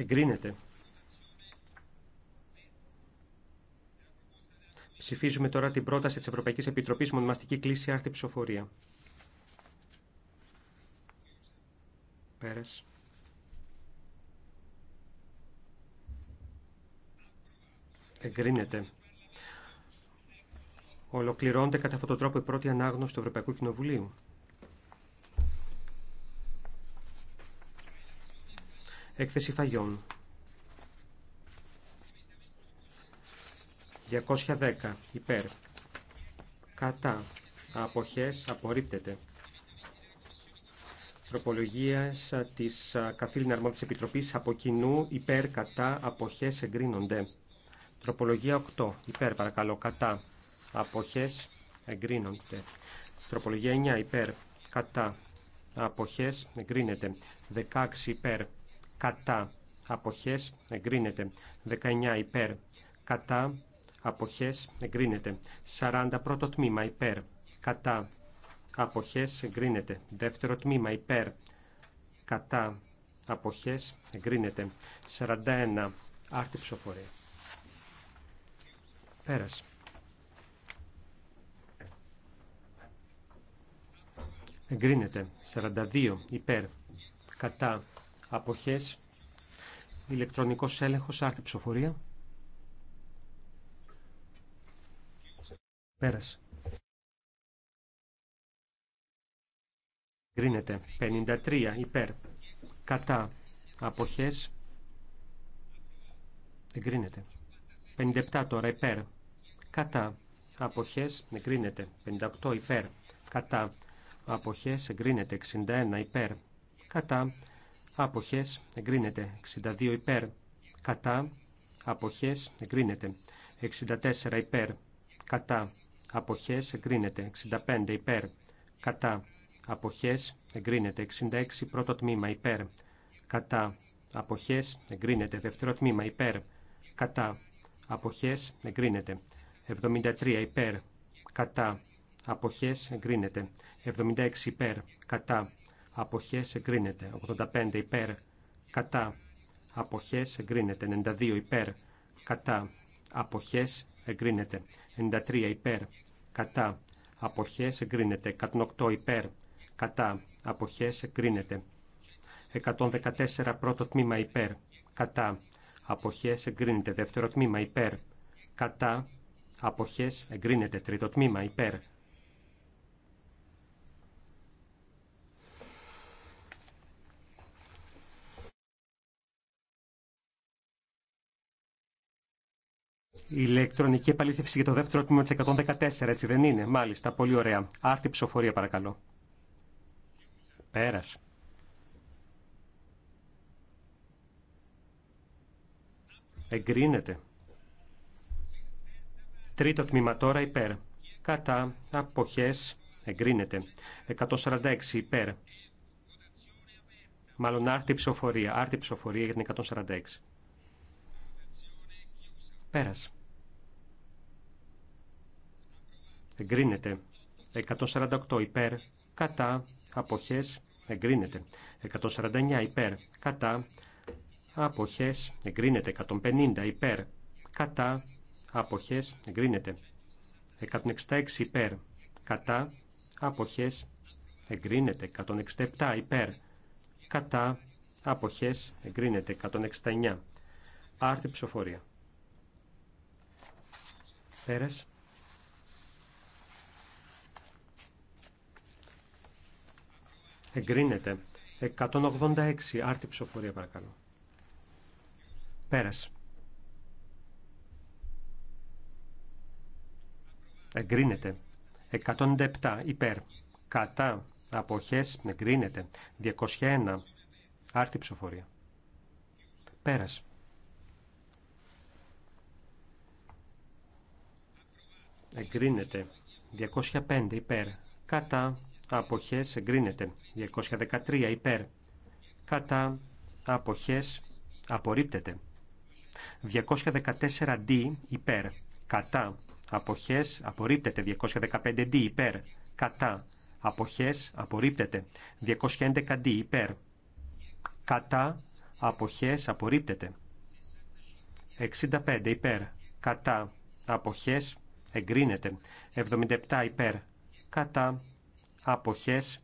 Εγκρίνεται. Ψηφίζουμε τώρα την πρόταση της Ευρωπαϊκής Επιτροπής Μονομαστική Κλίση Άρτη Ψηφοφορία. Πέρας. Εγκρίνεται. Ολοκληρώνεται κατά αυτόν τον τρόπο η πρώτη ανάγνωση του Ευρωπαϊκού Κοινοβουλίου. Έκθεση Φαγιών. 210 υπέρ. Κατά. Αποχές απορρίπτεται. Τροπολογία τη καθήλυνα αρμόδια επιτροπή από κοινού υπέρ κατά αποχέ εγκρίνονται. Τροπολογία 8 υπέρ παρακαλώ κατά αποχέ εγκρίνονται. Τροπολογία 9 υπέρ κατά αποχέ εγκρίνεται. 16 υπέρ κατά αποχές εγκρίνεται 19 υπέρ κατά αποχές εγκρίνεται 40 πρώτο τμήμα υπέρ κατά αποχές εγκρίνεται δεύτερο τμήμα υπέρ κατά αποχές εγκρίνεται 41 άρτη ψηφοφορία Πέρασε. εγκρίνεται 42 υπέρ κατά αποχές, ηλεκτρονικός έλεγχος, άρθρη ψηφοφορία. Πέρασε. Γκρίνεται. 53 υπέρ. Κατά. Αποχές. Εγκρίνεται. 57 τώρα υπέρ. Κατά. Αποχές. Εγκρίνεται. 58 υπέρ. Κατά. Αποχές. Εγκρίνεται. 61 υπέρ. Κατά. Αποχές εγκρίνεται. 62 υπέρ. Κατά. Αποχές εγκρίνεται. 64 υπέρ. Κατά. Αποχές εγκρίνεται. 65 υπέρ. Κατά. Αποχές εγκρίνεται. 66 πρώτο τμήμα υπέρ. Κατά. Αποχές εγκρίνεται. Δεύτερο τμήμα υπέρ. Κατά. Αποχές εγκρίνεται. 73 υπέρ. Κατά. Αποχές εγκρίνεται. 76 υπέρ. Κατά αποχές εγκρίνεται. 85 υπέρ κατά αποχές εγκρίνεται. 92 υπέρ κατά αποχές εγκρίνεται. 93 υπέρ κατά αποχές εγκρίνεται. 108 υπέρ κατά αποχές εγκρίνεται. 114 πρώτο τμήμα υπέρ κατά αποχές εγκρίνεται. Δεύτερο τμήμα υπέρ κατά αποχές εγκρίνεται. Τρίτο τμήμα υπέρ ηλεκτρονική επαλήθευση για το δεύτερο τμήμα τη 114, έτσι δεν είναι. Μάλιστα, πολύ ωραία. Άρτη ψηφοφορία παρακαλώ. Πέρας. Εγκρίνεται. Τρίτο τμήμα τώρα υπέρ. Κατά αποχές εγκρίνεται. 146 υπέρ. Μάλλον άρτη ψηφοφορία. Άρτη ψηφοφορία για την 146. Πέρας. εγκρίνεται. 148 υπέρ, κατά, αποχές, εγκρίνεται. 149 υπέρ, κατά, αποχές, εγκρίνεται. 150 υπέρ, κατά, αποχές, εγκρίνεται. 166 υπέρ, κατά, αποχές, εγκρίνεται. 167 υπέρ, κατά, αποχές, εγκρίνεται. 169. Άρτη ψηφοφορία. Πέρασε. Εγκρίνεται. 186. Άρτη ψηφοφορία παρακαλώ. Πέρας. Εγκρίνεται. 107. Υπέρ. Κατά. Αποχές. Εγκρίνεται. 201. Άρτη ψηφοφορία. Πέρας. Εγκρίνεται. 205 υπέρ. Κατά αποχές εγκρίνεται. 213 υπέρ κατά αποχές απορρίπτεται. 214 D υπέρ κατά αποχές απορρίπτεται. 215 D υπέρ κατά αποχές απορρίπτεται. 211 D υπέρ κατά αποχές απορρίπτεται. 65 υπέρ κατά αποχές εγκρίνεται. 77 υπέρ κατά αποχές,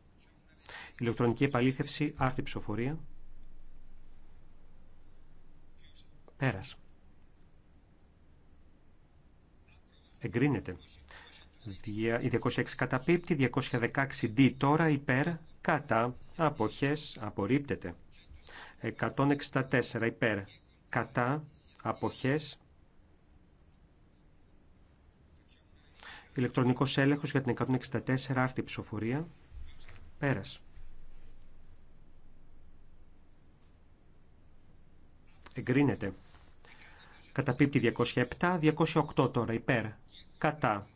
ηλεκτρονική επαλήθευση, άρτη ψηφοφορία. Πέρας. Εγκρίνεται. Η 206 καταπίπτει, 216D τώρα υπέρ, κατά, αποχές, απορρίπτεται. 164 υπέρ, κατά, αποχές, Ηλεκτρονικός έλεγχος για την 164 άρθρη ψηφοφορία. Πέρας. Εγκρίνεται. Καταπίπτει 207, 208 τώρα υπέρ. Κατά.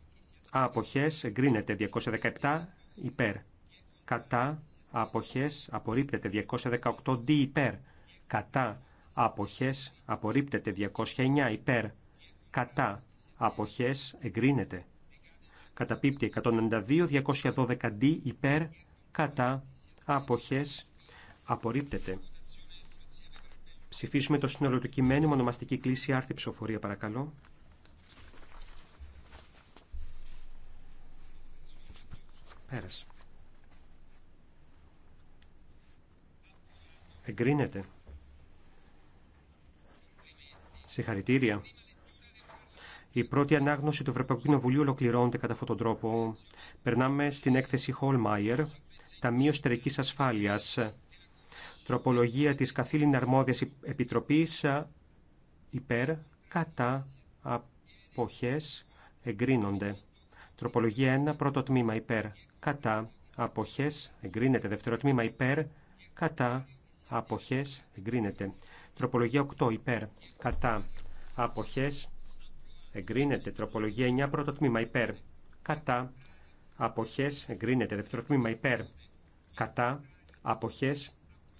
Αποχές εγκρίνεται 217 υπέρ. Κατά. Αποχές απορρίπτεται 218 δι υπέρ. Κατά. Αποχές απορρίπτεται 209 υπέρ. Κατά. Αποχές εγκρίνεται καταπίπτει 192, 212 D υπέρ, κατά, άποχες, απορρίπτεται. Ψηφίσουμε το σύνολο του κειμένου με ονομαστική κλίση άρθρη ψηφοφορία παρακαλώ. Πέρασε. Εγκρίνεται. Συγχαρητήρια. Η πρώτη ανάγνωση του Ευρωπαϊκού Κοινοβουλίου ολοκληρώνεται κατά αυτόν τον τρόπο. Περνάμε στην έκθεση Χολμάιερ, Ταμείο Στερική ασφάλεια. Τροπολογία τη καθήλυνα αρμόδια επιτροπή υπέρ, κατά, αποχές, εγκρίνονται. Τροπολογία 1, πρώτο τμήμα υπέρ, κατά, απόχέ, εγκρίνεται. Δεύτερο τμήμα υπέρ, κατά, απόχέ, εγκρίνεται. Τροπολογία 8, υπέρ, κατά, αποχές, εγκρίνεται. Τροπολογία 9 πρώτο τμήμα υπέρ. Κατά. απόχέ, εγκρίνεται. Δεύτερο τμήμα υπέρ. Κατά. απόχέ,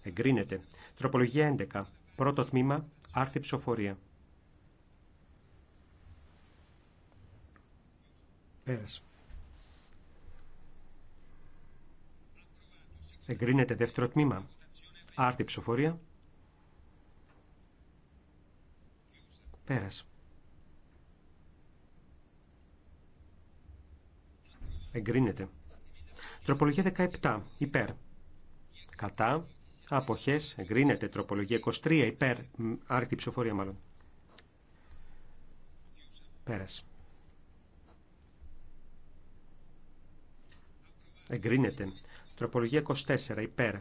εγκρίνεται. Τροπολογία 11 πρώτο τμήμα άρτη ψηφοφορία. Πέρασε. Εγκρίνεται δεύτερο τμήμα. Άρτη ψηφοφορία. Πέρασε. Εγκρίνεται. Τροπολογία 17. Υπέρ. Κατά. απόχέ, Εγκρίνεται. Τροπολογία 23. Υπέρ. Άρτη ψηφοφορία μάλλον. Πέρασε. Εγκρίνεται. Τροπολογία 24. Υπέρ.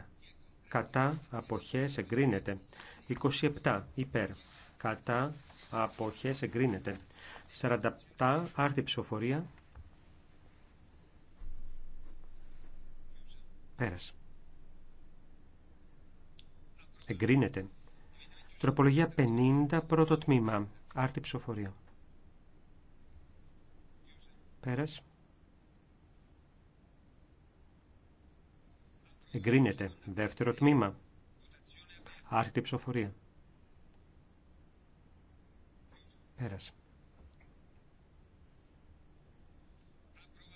Κατά. απόχέ, Εγκρίνεται. 27. Υπέρ. Κατά. Αποχές. Εγκρίνεται. 47. Άρτη ψηφοφορία. Πέρας. Εγκρίνεται. Τροπολογία 50, πρώτο τμήμα. Άρτη ψηφοφορία. Πέρας. Εγκρίνεται. Δεύτερο τμήμα. Άρτη ψηφοφορία. Πέρας.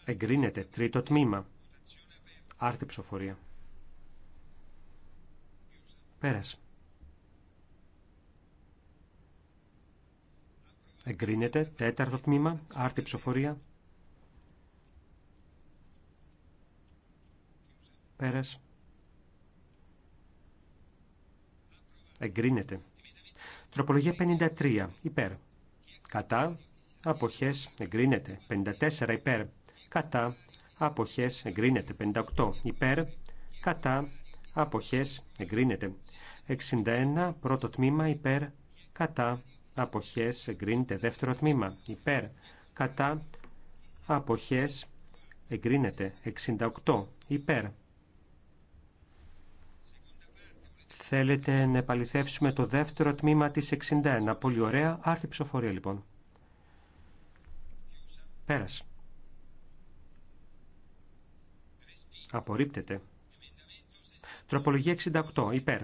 Εγκρίνεται. Τρίτο τμήμα. Άρτη ψηφοφορία. Πέρας. Εγκρίνεται. Τέταρτο τμήμα. Άρτη ψηφοφορία. Πέρας. Εγκρίνεται. Τροπολογία 53. Υπέρ. Κατά. Αποχές. Εγκρίνεται. 54. Υπέρ. Κατά αποχές εγκρίνεται. 58 υπέρ, κατά, αποχές εγκρίνεται. 61 πρώτο τμήμα υπέρ, κατά, αποχές εγκρίνεται. Δεύτερο τμήμα υπέρ, κατά, αποχές εγκρίνεται. 68 υπέρ. Θέλετε να επαληθεύσουμε το δεύτερο τμήμα της 61. Πολύ ωραία. Άρτη ψηφοφορία λοιπόν. Πέρασε. Απορρίπτεται. Τροπολογία 68. Υπέρ.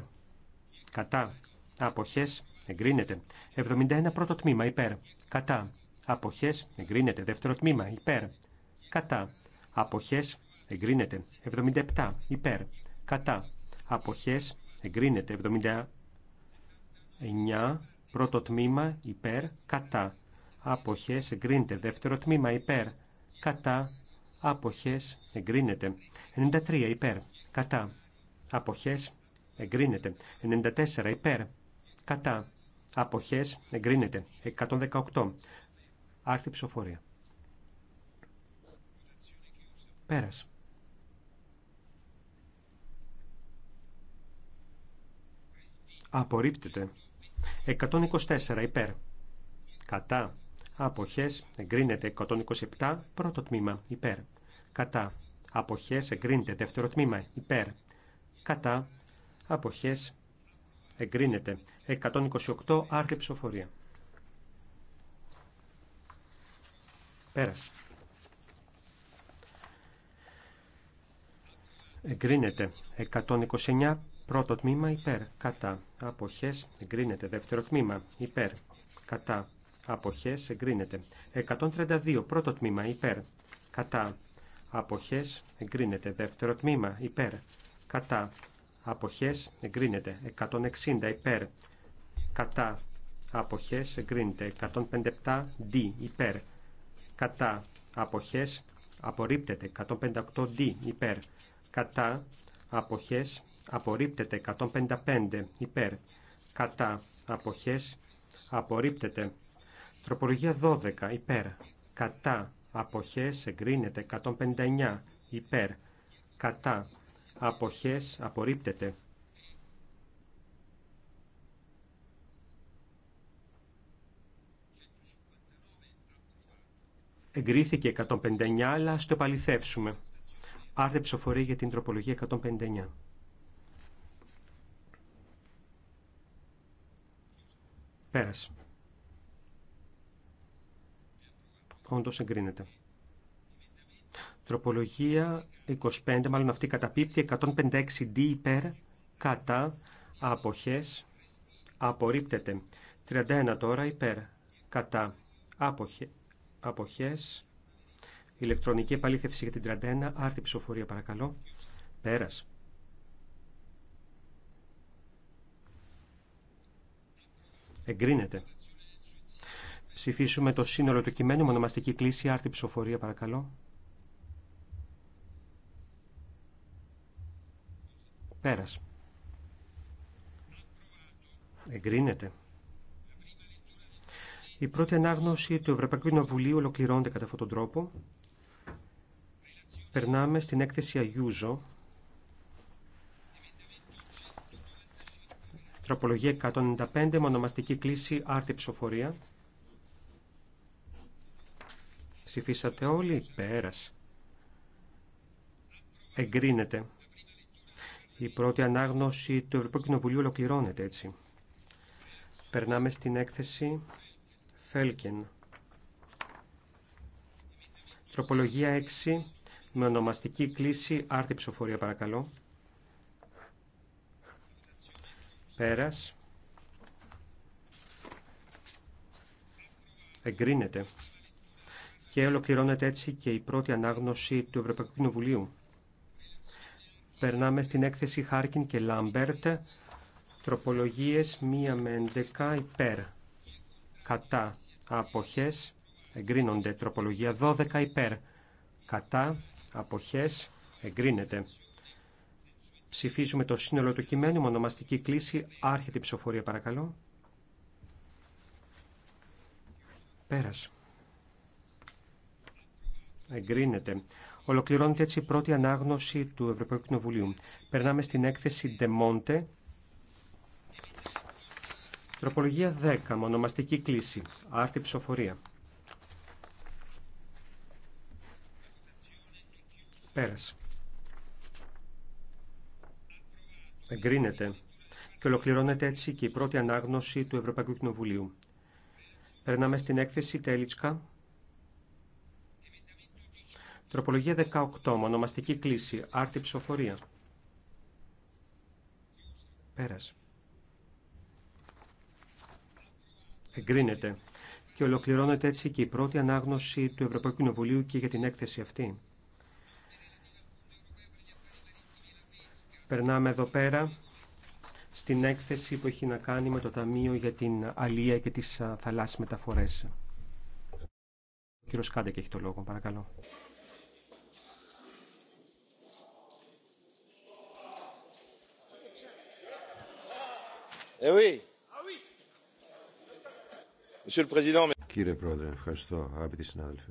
Κατά. Αποχέ, Εγκρίνεται. 71. Πρώτο τμήμα. Υπέρ. Κατά. Αποχέ, Εγκρίνεται. Δεύτερο τμήμα. Υπέρ. Κατά. Αποχέ. Εγκρίνεται. 77. Υπέρ. Κατά. Αποχέ, Εγκρίνεται. 79. Πρώτο τμήμα. Υπέρ. Κατά. Αποχέ Εγκρίνεται. Δεύτερο τμήμα. Υπέρ. Κατά. Αποχέ. Εγκρίνεται. 93 υπέρ. Κατά. Αποχές. Εγκρίνεται. 94 υπέρ. Κατά. Αποχές. Εγκρίνεται. 118. Άρτη ψηφοφορία. Πέρας. Απορρίπτεται. 124 υπέρ. Κατά. Αποχές εγκρίνεται 127 πρώτο τμήμα υπέρ. Κατά αποχές εγκρίνεται. Δεύτερο τμήμα υπέρ κατά αποχές εγκρίνεται. 128 άρθρη ψηφοφορία. Πέρασε. Εγκρίνεται 129 πρώτο τμήμα υπέρ κατά αποχές εγκρίνεται δεύτερο τμήμα υπέρ κατά αποχές εγκρίνεται 132 πρώτο τμήμα υπέρ κατά αποχές εγκρίνεται. Δεύτερο τμήμα υπέρ κατά αποχές εγκρίνεται. 160 υπέρ κατά αποχές εγκρίνεται. 157 δι υπέρ κατά αποχές απορρίπτεται. 158 δι υπέρ κατά αποχές απορρίπτεται. 155 υπέρ κατά αποχές απορρίπτεται. Τροπολογία 12 υπέρ κατά αποχές εγκρίνεται 159 υπέρ κατά αποχές απορρίπτεται Εγκρίθηκε 159, αλλά στο επαληθεύσουμε. άρθε ψηφοφορία για την τροπολογία 159. Πέρασε. Όντως εγκρίνεται. Τροπολογία 25, μάλλον αυτή καταπίπτει, 156 D υπέρ, κατά, άποχες, απορρίπτεται. 31 τώρα υπέρ, κατά, άποχε, αποχές, ηλεκτρονική επαλήθευση για την 31, άρτη ψηφοφορία παρακαλώ, πέρας. Εγκρίνεται ψηφίσουμε το σύνολο του κειμένου Μονομαστική κλίση. Άρτη ψηφοφορία, παρακαλώ. Πέρας. Εγκρίνεται. Η πρώτη ανάγνωση του Ευρωπαϊκού Κοινοβουλίου ολοκληρώνεται κατά αυτόν τον τρόπο. Περνάμε στην έκθεση Αγιούζο. Τροπολογία 195 Μονομαστική κλίση άρτη ψηφοφορία. Ψηφίσατε όλοι. Πέρας. Εγκρίνεται. Η πρώτη ανάγνωση του Ευρωπαϊκού Κοινοβουλίου ολοκληρώνεται έτσι. Περνάμε στην έκθεση Φέλκεν. Τροπολογία 6 με ονομαστική κλίση άρτη ψηφοφορία παρακαλώ. Πέρας. Εγκρίνεται και ολοκληρώνεται έτσι και η πρώτη ανάγνωση του Ευρωπαϊκού Κοινοβουλίου. Περνάμε στην έκθεση Χάρκιν και Λάμπερτ. Τροπολογίες 1 με 11 υπέρ. Κατά αποχές εγκρίνονται. Τροπολογία 12 υπέρ. Κατά αποχές εγκρίνεται. Ψηφίζουμε το σύνολο του κειμένου. Μονομαστική κλίση. Άρχεται η ψηφοφορία παρακαλώ. Πέρασε. Εγκρίνεται. Ολοκληρώνεται έτσι η πρώτη ανάγνωση του Ευρωπαϊκού Κοινοβουλίου. Περνάμε στην έκθεση Monte. Τροπολογία 10. Μονομαστική κλίση. Άρτη ψηφοφορία. Πέρασε. Εγκρίνεται. Και ολοκληρώνεται έτσι και η πρώτη ανάγνωση του Ευρωπαϊκού Κοινοβουλίου. Περνάμε στην έκθεση Τέλιτσκα. Τροπολογία 18. Μονομαστική κλίση. Άρτη ψηφοφορία. Πέρασε. Εγκρίνεται. Και ολοκληρώνεται έτσι και η πρώτη ανάγνωση του Ευρωπαϊκού Κοινοβουλίου και για την έκθεση αυτή. Περνάμε εδώ πέρα στην έκθεση που έχει να κάνει με το Ταμείο για την Αλία και τις θαλάσσιες μεταφορές. Ο κύριος Κάντεκ έχει το λόγο, παρακαλώ. Ε, Κύριε Πρόεδρε, ευχαριστώ, αγαπητοί συνάδελφοι.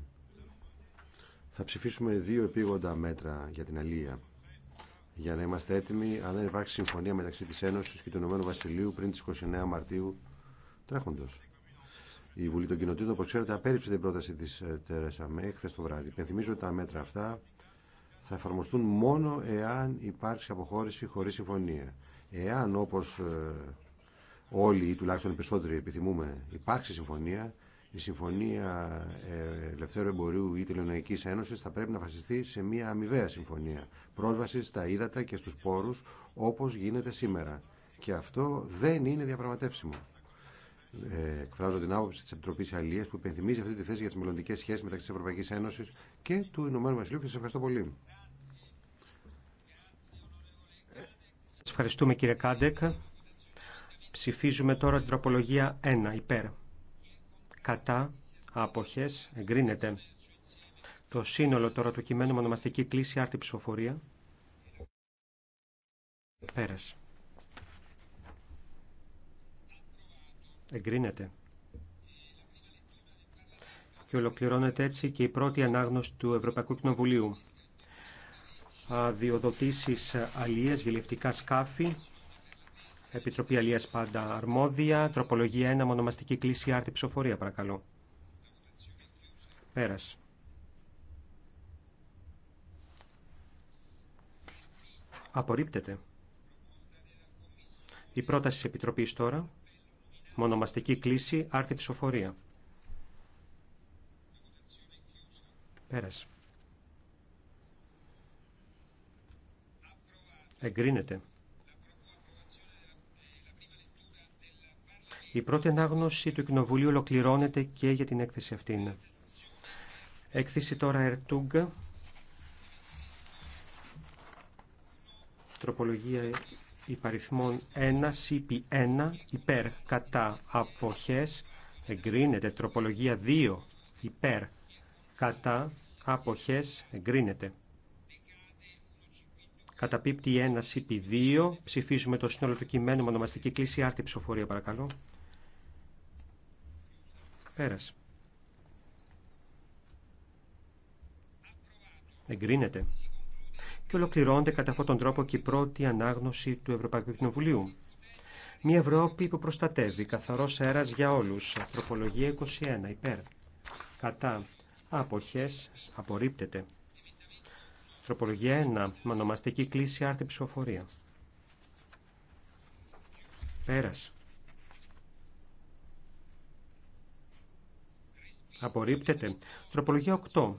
Θα ψηφίσουμε δύο επίγοντα μέτρα για την αλία. Για να είμαστε έτοιμοι, αν δεν υπάρξει συμφωνία μεταξύ τη Ένωση και του Ηνωμένου Βασιλείου πριν τι 29 Μαρτίου τρέχοντο. Η Βουλή των Κοινοτήτων, όπω ξέρετε, απέρριψε την πρόταση τη ε, Τερέσα Μέη χθε το βράδυ. Υπενθυμίζω ότι τα μέτρα αυτά θα εφαρμοστούν μόνο εάν υπάρξει αποχώρηση χωρί συμφωνία. Εάν, όπω ε, όλοι ή τουλάχιστον οι περισσότεροι επιθυμούμε υπάρξει συμφωνία, η Συμφωνία ε, Ελευθέρου Εμπορίου ή Τελειοναϊκή τηλεοναϊκή ενωση θα πρέπει να βασιστεί σε μια αμοιβαία συμφωνία πρόσβαση στα ύδατα και στου πόρου όπω γίνεται σήμερα. Και αυτό δεν είναι διαπραγματεύσιμο. Ε, εκφράζω την άποψη τη Επιτροπή Αλία που υπενθυμίζει αυτή τη θέση για τι μελλοντικέ σχέσει μεταξύ τη Ευρωπαϊκή Ένωση και του Ηνωμένου Βασιλείου και σα ευχαριστώ πολύ. Σα ευχαριστούμε κύριε Κάντεκ. Ψηφίζουμε τώρα την τροπολογία 1 υπέρ. Κατά άποχες εγκρίνεται. Το σύνολο τώρα του κειμένου μονομαστική κλίση άρτη ψηφοφορία. Πέρας. Εγκρίνεται. Και ολοκληρώνεται έτσι και η πρώτη ανάγνωση του Ευρωπαϊκού Κοινοβουλίου. Διοδοτήσεις αλλιές, γελευτικά σκάφη, Επιτροπή Αλίας πάντα αρμόδια. Τροπολογία 1, μονομαστική κλίση, άρτη ψηφοφορία, παρακαλώ. Πέρας. Απορρίπτεται. Η πρόταση της Επιτροπής τώρα. Μονομαστική κλίση, άρτη ψηφοφορία. Πέρας. Εγκρίνεται. Η πρώτη ανάγνωση του Κοινοβουλίου ολοκληρώνεται και για την έκθεση αυτή. Έκθεση τώρα Ερτούγκ. Τροπολογία υπαριθμών 1, CP1, υπέρ, κατά, αποχές. Εγκρίνεται. Τροπολογία 2, υπέρ, κατά, αποχές. Εγκρίνεται. Καταπίπτει 1, CP2. Ψηφίζουμε το σύνολο του κειμένου με ονομαστική κλίση. Άρτη ψηφοφορία, παρακαλώ. Πέρας. Εγκρίνεται. Και ολοκληρώνεται κατά αυτόν τον τρόπο και η πρώτη ανάγνωση του Ευρωπαϊκού Κοινοβουλίου. Μια Ευρώπη που προστατεύει καθαρό αέρας για όλους. Ανθρωπολογία 21. Υπέρ. Κατά. Αποχές. Απορρίπτεται. Τροπολογία 1. Μανομαστική κλίση άρτη ψηφοφορία. Πέρας. Απορρίπτεται. Τροπολογία 8.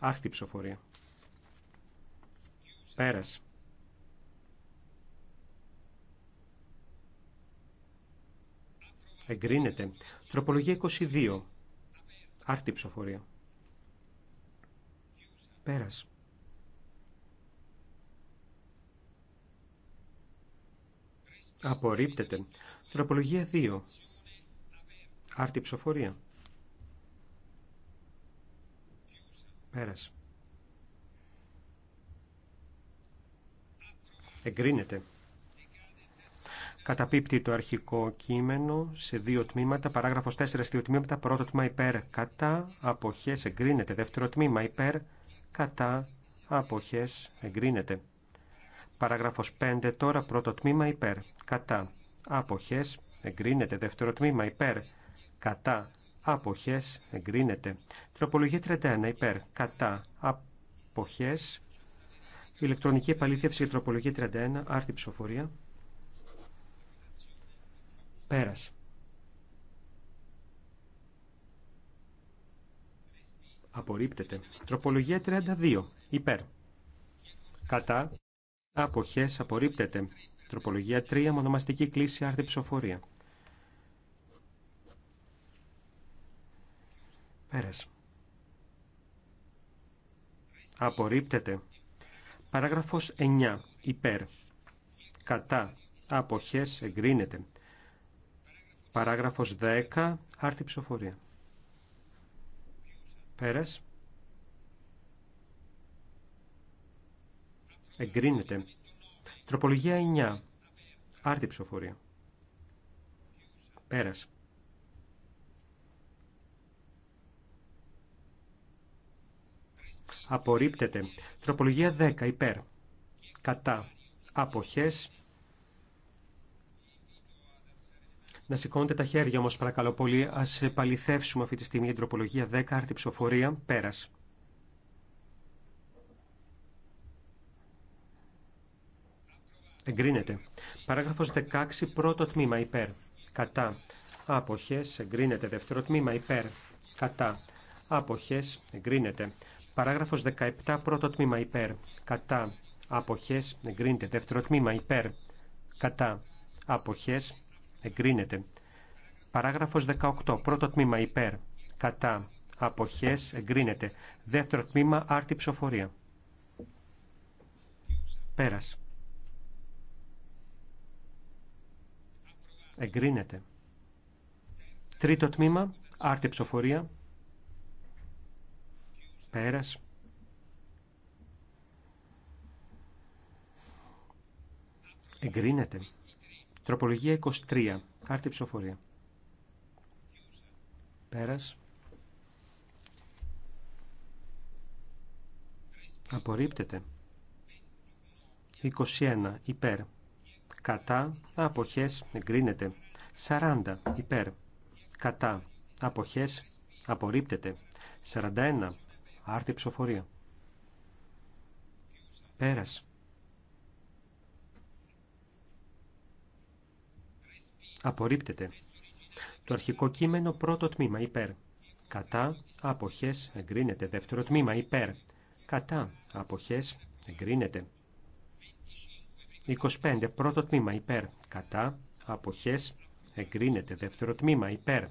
Άχτη ψηφοφορία. Πέρας. Εγκρίνεται. Τροπολογία 22. Άρτη ψηφοφορία. Πέρας. Απορρίπτεται. Τροπολογία 2. Άρτη ψηφοφορία. Πέρας. Εγκρίνεται. Καταπίπτει το αρχικό κείμενο σε δύο τμήματα. Παράγραφος 4 σε δύο τμήματα. Πρώτο τμήμα υπέρ κατά αποχές εγκρίνεται. Δεύτερο τμήμα υπέρ κατά αποχές εγκρίνεται. Παράγραφος 5 τώρα πρώτο τμήμα υπέρ κατά αποχές εγκρίνεται. Δεύτερο τμήμα υπέρ κατά αποχές εγκρίνεται. Τροπολογία 31 υπέρ κατά αποχές ηλεκτρονική επαλήθευση για τροπολογία 31 άρτη ψηφοφορία Πέρασε. Απορρίπτεται. Τροπολογία 32 υπέρ κατά αποχές απορρίπτεται. Τροπολογία 3 μονομαστική κλίση άρτη ψηφοφορία. Πέρας. Απορρίπτεται. Παράγραφος 9. Υπέρ. Κατά. Αποχές εγκρίνεται. Παράγραφος 10. Άρτη ψηφοφορία. Πέρας. Εγκρίνεται. Τροπολογία 9. Άρτη ψηφοφορία. Πέρας. απορρίπτεται. Τροπολογία 10 υπέρ, κατά, αποχές. Να σηκώνετε τα χέρια όμως παρακαλώ πολύ. Ας παληθεύσουμε αυτή τη στιγμή την τροπολογία 10, άρτη ψηφοφορία, πέρας. Εγκρίνεται. Παράγραφος 16, πρώτο τμήμα υπέρ. Κατά. Άποχες. Εγκρίνεται. Δεύτερο τμήμα υπέρ. Κατά. Άποχες. Εγκρίνεται. Παράγραφος 17 πρώτο τμήμα υπέρ. Κατά. Αποχές εγκρίνεται. Δεύτερο τμήμα υπέρ. Κατά. Αποχές εγκρίνεται. Παράγραφος 18 πρώτο τμήμα υπέρ. Κατά. Αποχές εγκρίνεται. Δεύτερο τμήμα άρτη ψοφορία. Πέρας. Εγκρίνεται. Τρίτο τμήμα άρτη ψοφορία. Πέρας. Εγκρίνεται. Τροπολογία 23. κάρτη ψηφοφορία. Πέρας. Απορρίπτεται. 21. Υπέρ. Κατά. Αποχές. Εγκρίνεται. 40. Υπέρ. Κατά. Αποχές. Απορρίπτεται. 41. Άρτη ψηφοφορία. Πέρας. Απορρίπτεται. Το αρχικό κείμενο πρώτο τμήμα υπέρ. Κατά αποχές εγκρίνεται. Δεύτερο τμήμα υπέρ. Κατά αποχές εγκρίνεται. 25. Πρώτο τμήμα υπέρ. Κατά αποχές εγκρίνεται. Δεύτερο τμήμα υπέρ.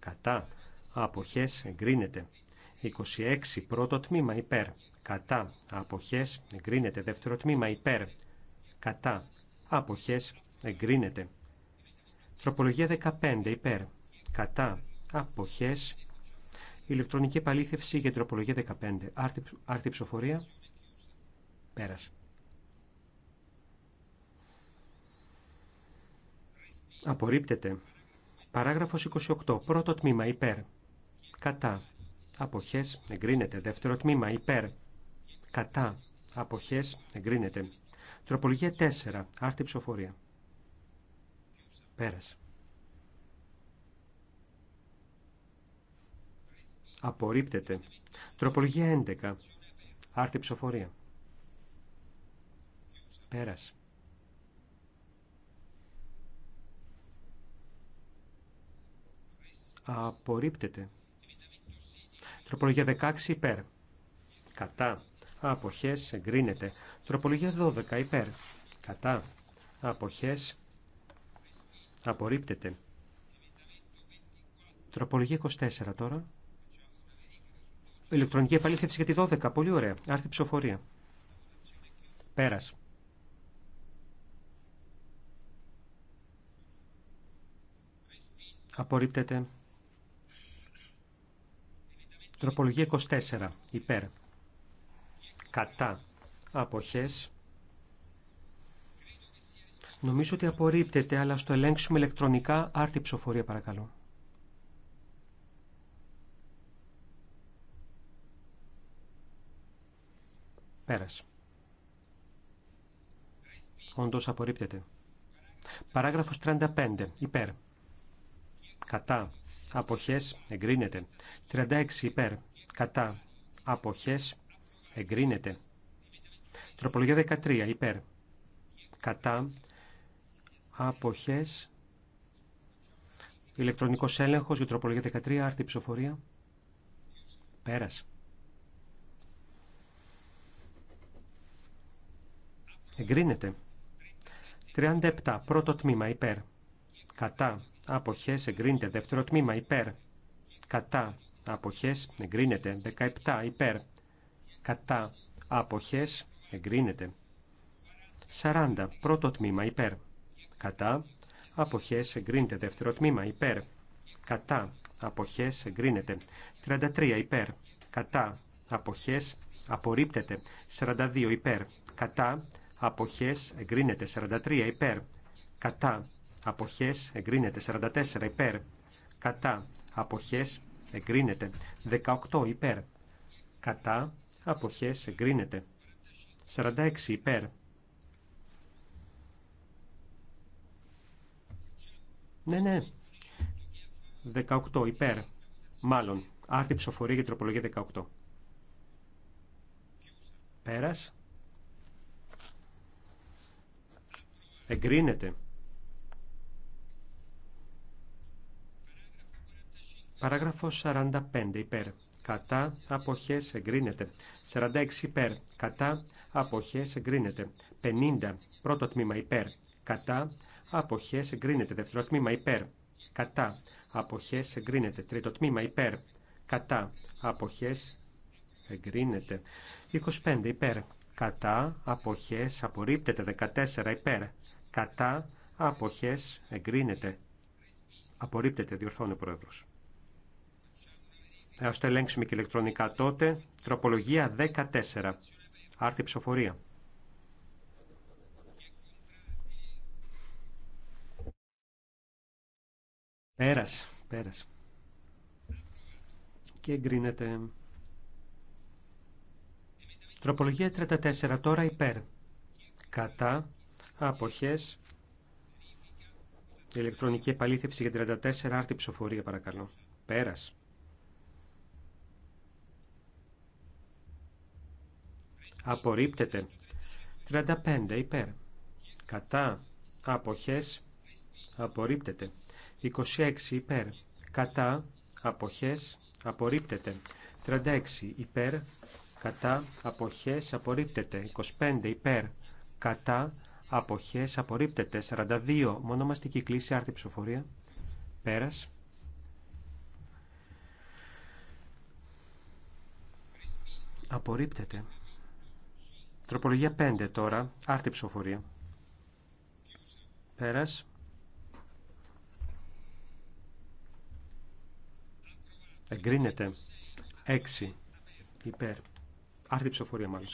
Κατά αποχές εγκρίνεται. 26 πρώτο τμήμα υπέρ. Κατά αποχές εγκρίνεται. Δεύτερο τμήμα υπέρ. Κατά αποχές εγκρίνεται. Τροπολογία 15 υπέρ. Κατά αποχές ηλεκτρονική επαλήθευση για τροπολογία 15. Άρτη, ψηφοφορία. Πέρασε. Απορρίπτεται. Παράγραφος 28. Πρώτο τμήμα υπέρ. Κατά αποχές εγκρίνεται. Δεύτερο τμήμα υπέρ κατά αποχές εγκρίνεται. Τροπολογία 4. Άρτη ψηφοφορία. Πέρας. Απορρίπτεται. Τροπολογία 11. Άρτη ψηφοφορία. Πέρας. Απορρίπτεται. Τροπολογία 16 υπέρ. Κατά. Αποχές εγκρίνεται. Τροπολογία 12 υπέρ. Κατά. Αποχές απορρίπτεται. Τροπολογία 24 τώρα. Ηλεκτρονική επαλήθευση για τη 12. Πολύ ωραία. Άρθρη ψηφοφορία. Πέρας. Απορρίπτεται. Τροπολογία 24. Υπέρ. Κατά. Αποχές. Νομίζω ότι απορρίπτεται, αλλά στο ελέγξουμε ηλεκτρονικά. Άρτη ψηφοφορία, παρακαλώ. Πέρασε. Όντως απορρίπτεται. Παράγραφος 35. Υπέρ κατά, αποχές, εγκρίνεται. 36 υπέρ, κατά, αποχές, εγκρίνεται. Τροπολογία 13 υπέρ, κατά, αποχές, ηλεκτρονικός έλεγχος για τροπολογία 13, άρτη ψηφοφορία, πέρας. Εγκρίνεται. 37. Πρώτο τμήμα υπέρ. Κατά αποχές εγκρίνεται. Δεύτερο τμήμα υπέρ, κατά, αποχές εγκρίνεται. 17 υπέρ, κατά, αποχές εγκρίνεται. 40 πρώτο τμήμα υπέρ, κατά, αποχές εγκρίνεται. Δεύτερο τμήμα υπέρ, κατά, αποχές εγκρίνεται. 33 υπέρ, κατά, αποχές απορρίπτεται. 42 υπέρ, κατά, αποχές εγκρίνεται. 43 υπέρ, κατά, αποχές εγκρίνεται. 44 υπέρ κατά αποχές εγκρίνεται. 18 υπέρ κατά αποχές εγκρίνεται. 46 υπέρ Ναι, ναι. 18 υπέρ. Μάλλον. Άρτη ψηφοφορία για τροπολογία 18. Πέρας. Εγκρίνεται. Παράγραφος 45 υπέρ. Κατά αποχές εγκρίνεται. 46 υπέρ. Κατά αποχές εγκρίνεται. 50 πρώτο τμήμα υπέρ. Κατά αποχές εγκρίνεται. Δεύτερο τμήμα υπέρ. Κατά αποχές εγκρίνεται. Τρίτο τμήμα υπέρ. Κατά αποχές εγκρίνεται. 25 υπέρ. Κατά αποχές απορρίπτεται. 14 υπέρ. Κατά αποχές εγκρίνεται. Απορρίπτεται διορθώνει ο Πρόεδρος. Α το ελέγξουμε και ηλεκτρονικά τότε. Τροπολογία 14. Άρτη ψηφοφορία. Πέρας, πέρας. Και εγκρίνεται. Τροπολογία 34 τώρα υπέρ. Κατά αποχές ηλεκτρονική επαλήθευση για 34 άρτη ψηφοφορία παρακαλώ. Πέρας. Απορρίπτεται. 35 υπέρ. Κατά. Αποχές. Απορρίπτεται. 26 υπέρ. Κατά. Αποχές. Απορρίπτεται. 36 υπέρ. Κατά. Αποχές. Απορρίπτεται. 25 υπέρ. Κατά. Αποχές. Απορρίπτεται. 42. Μονομαστική κλίση. Άρτη ψηφοφορία. Πέρας. Απορρίπτεται. Τροπολογία 5 τώρα. Άρτη ψηφοφορία. Πέρας. Εγκρίνεται. 6. Υπέρ. Άρτη ψηφοφορία μάλλον.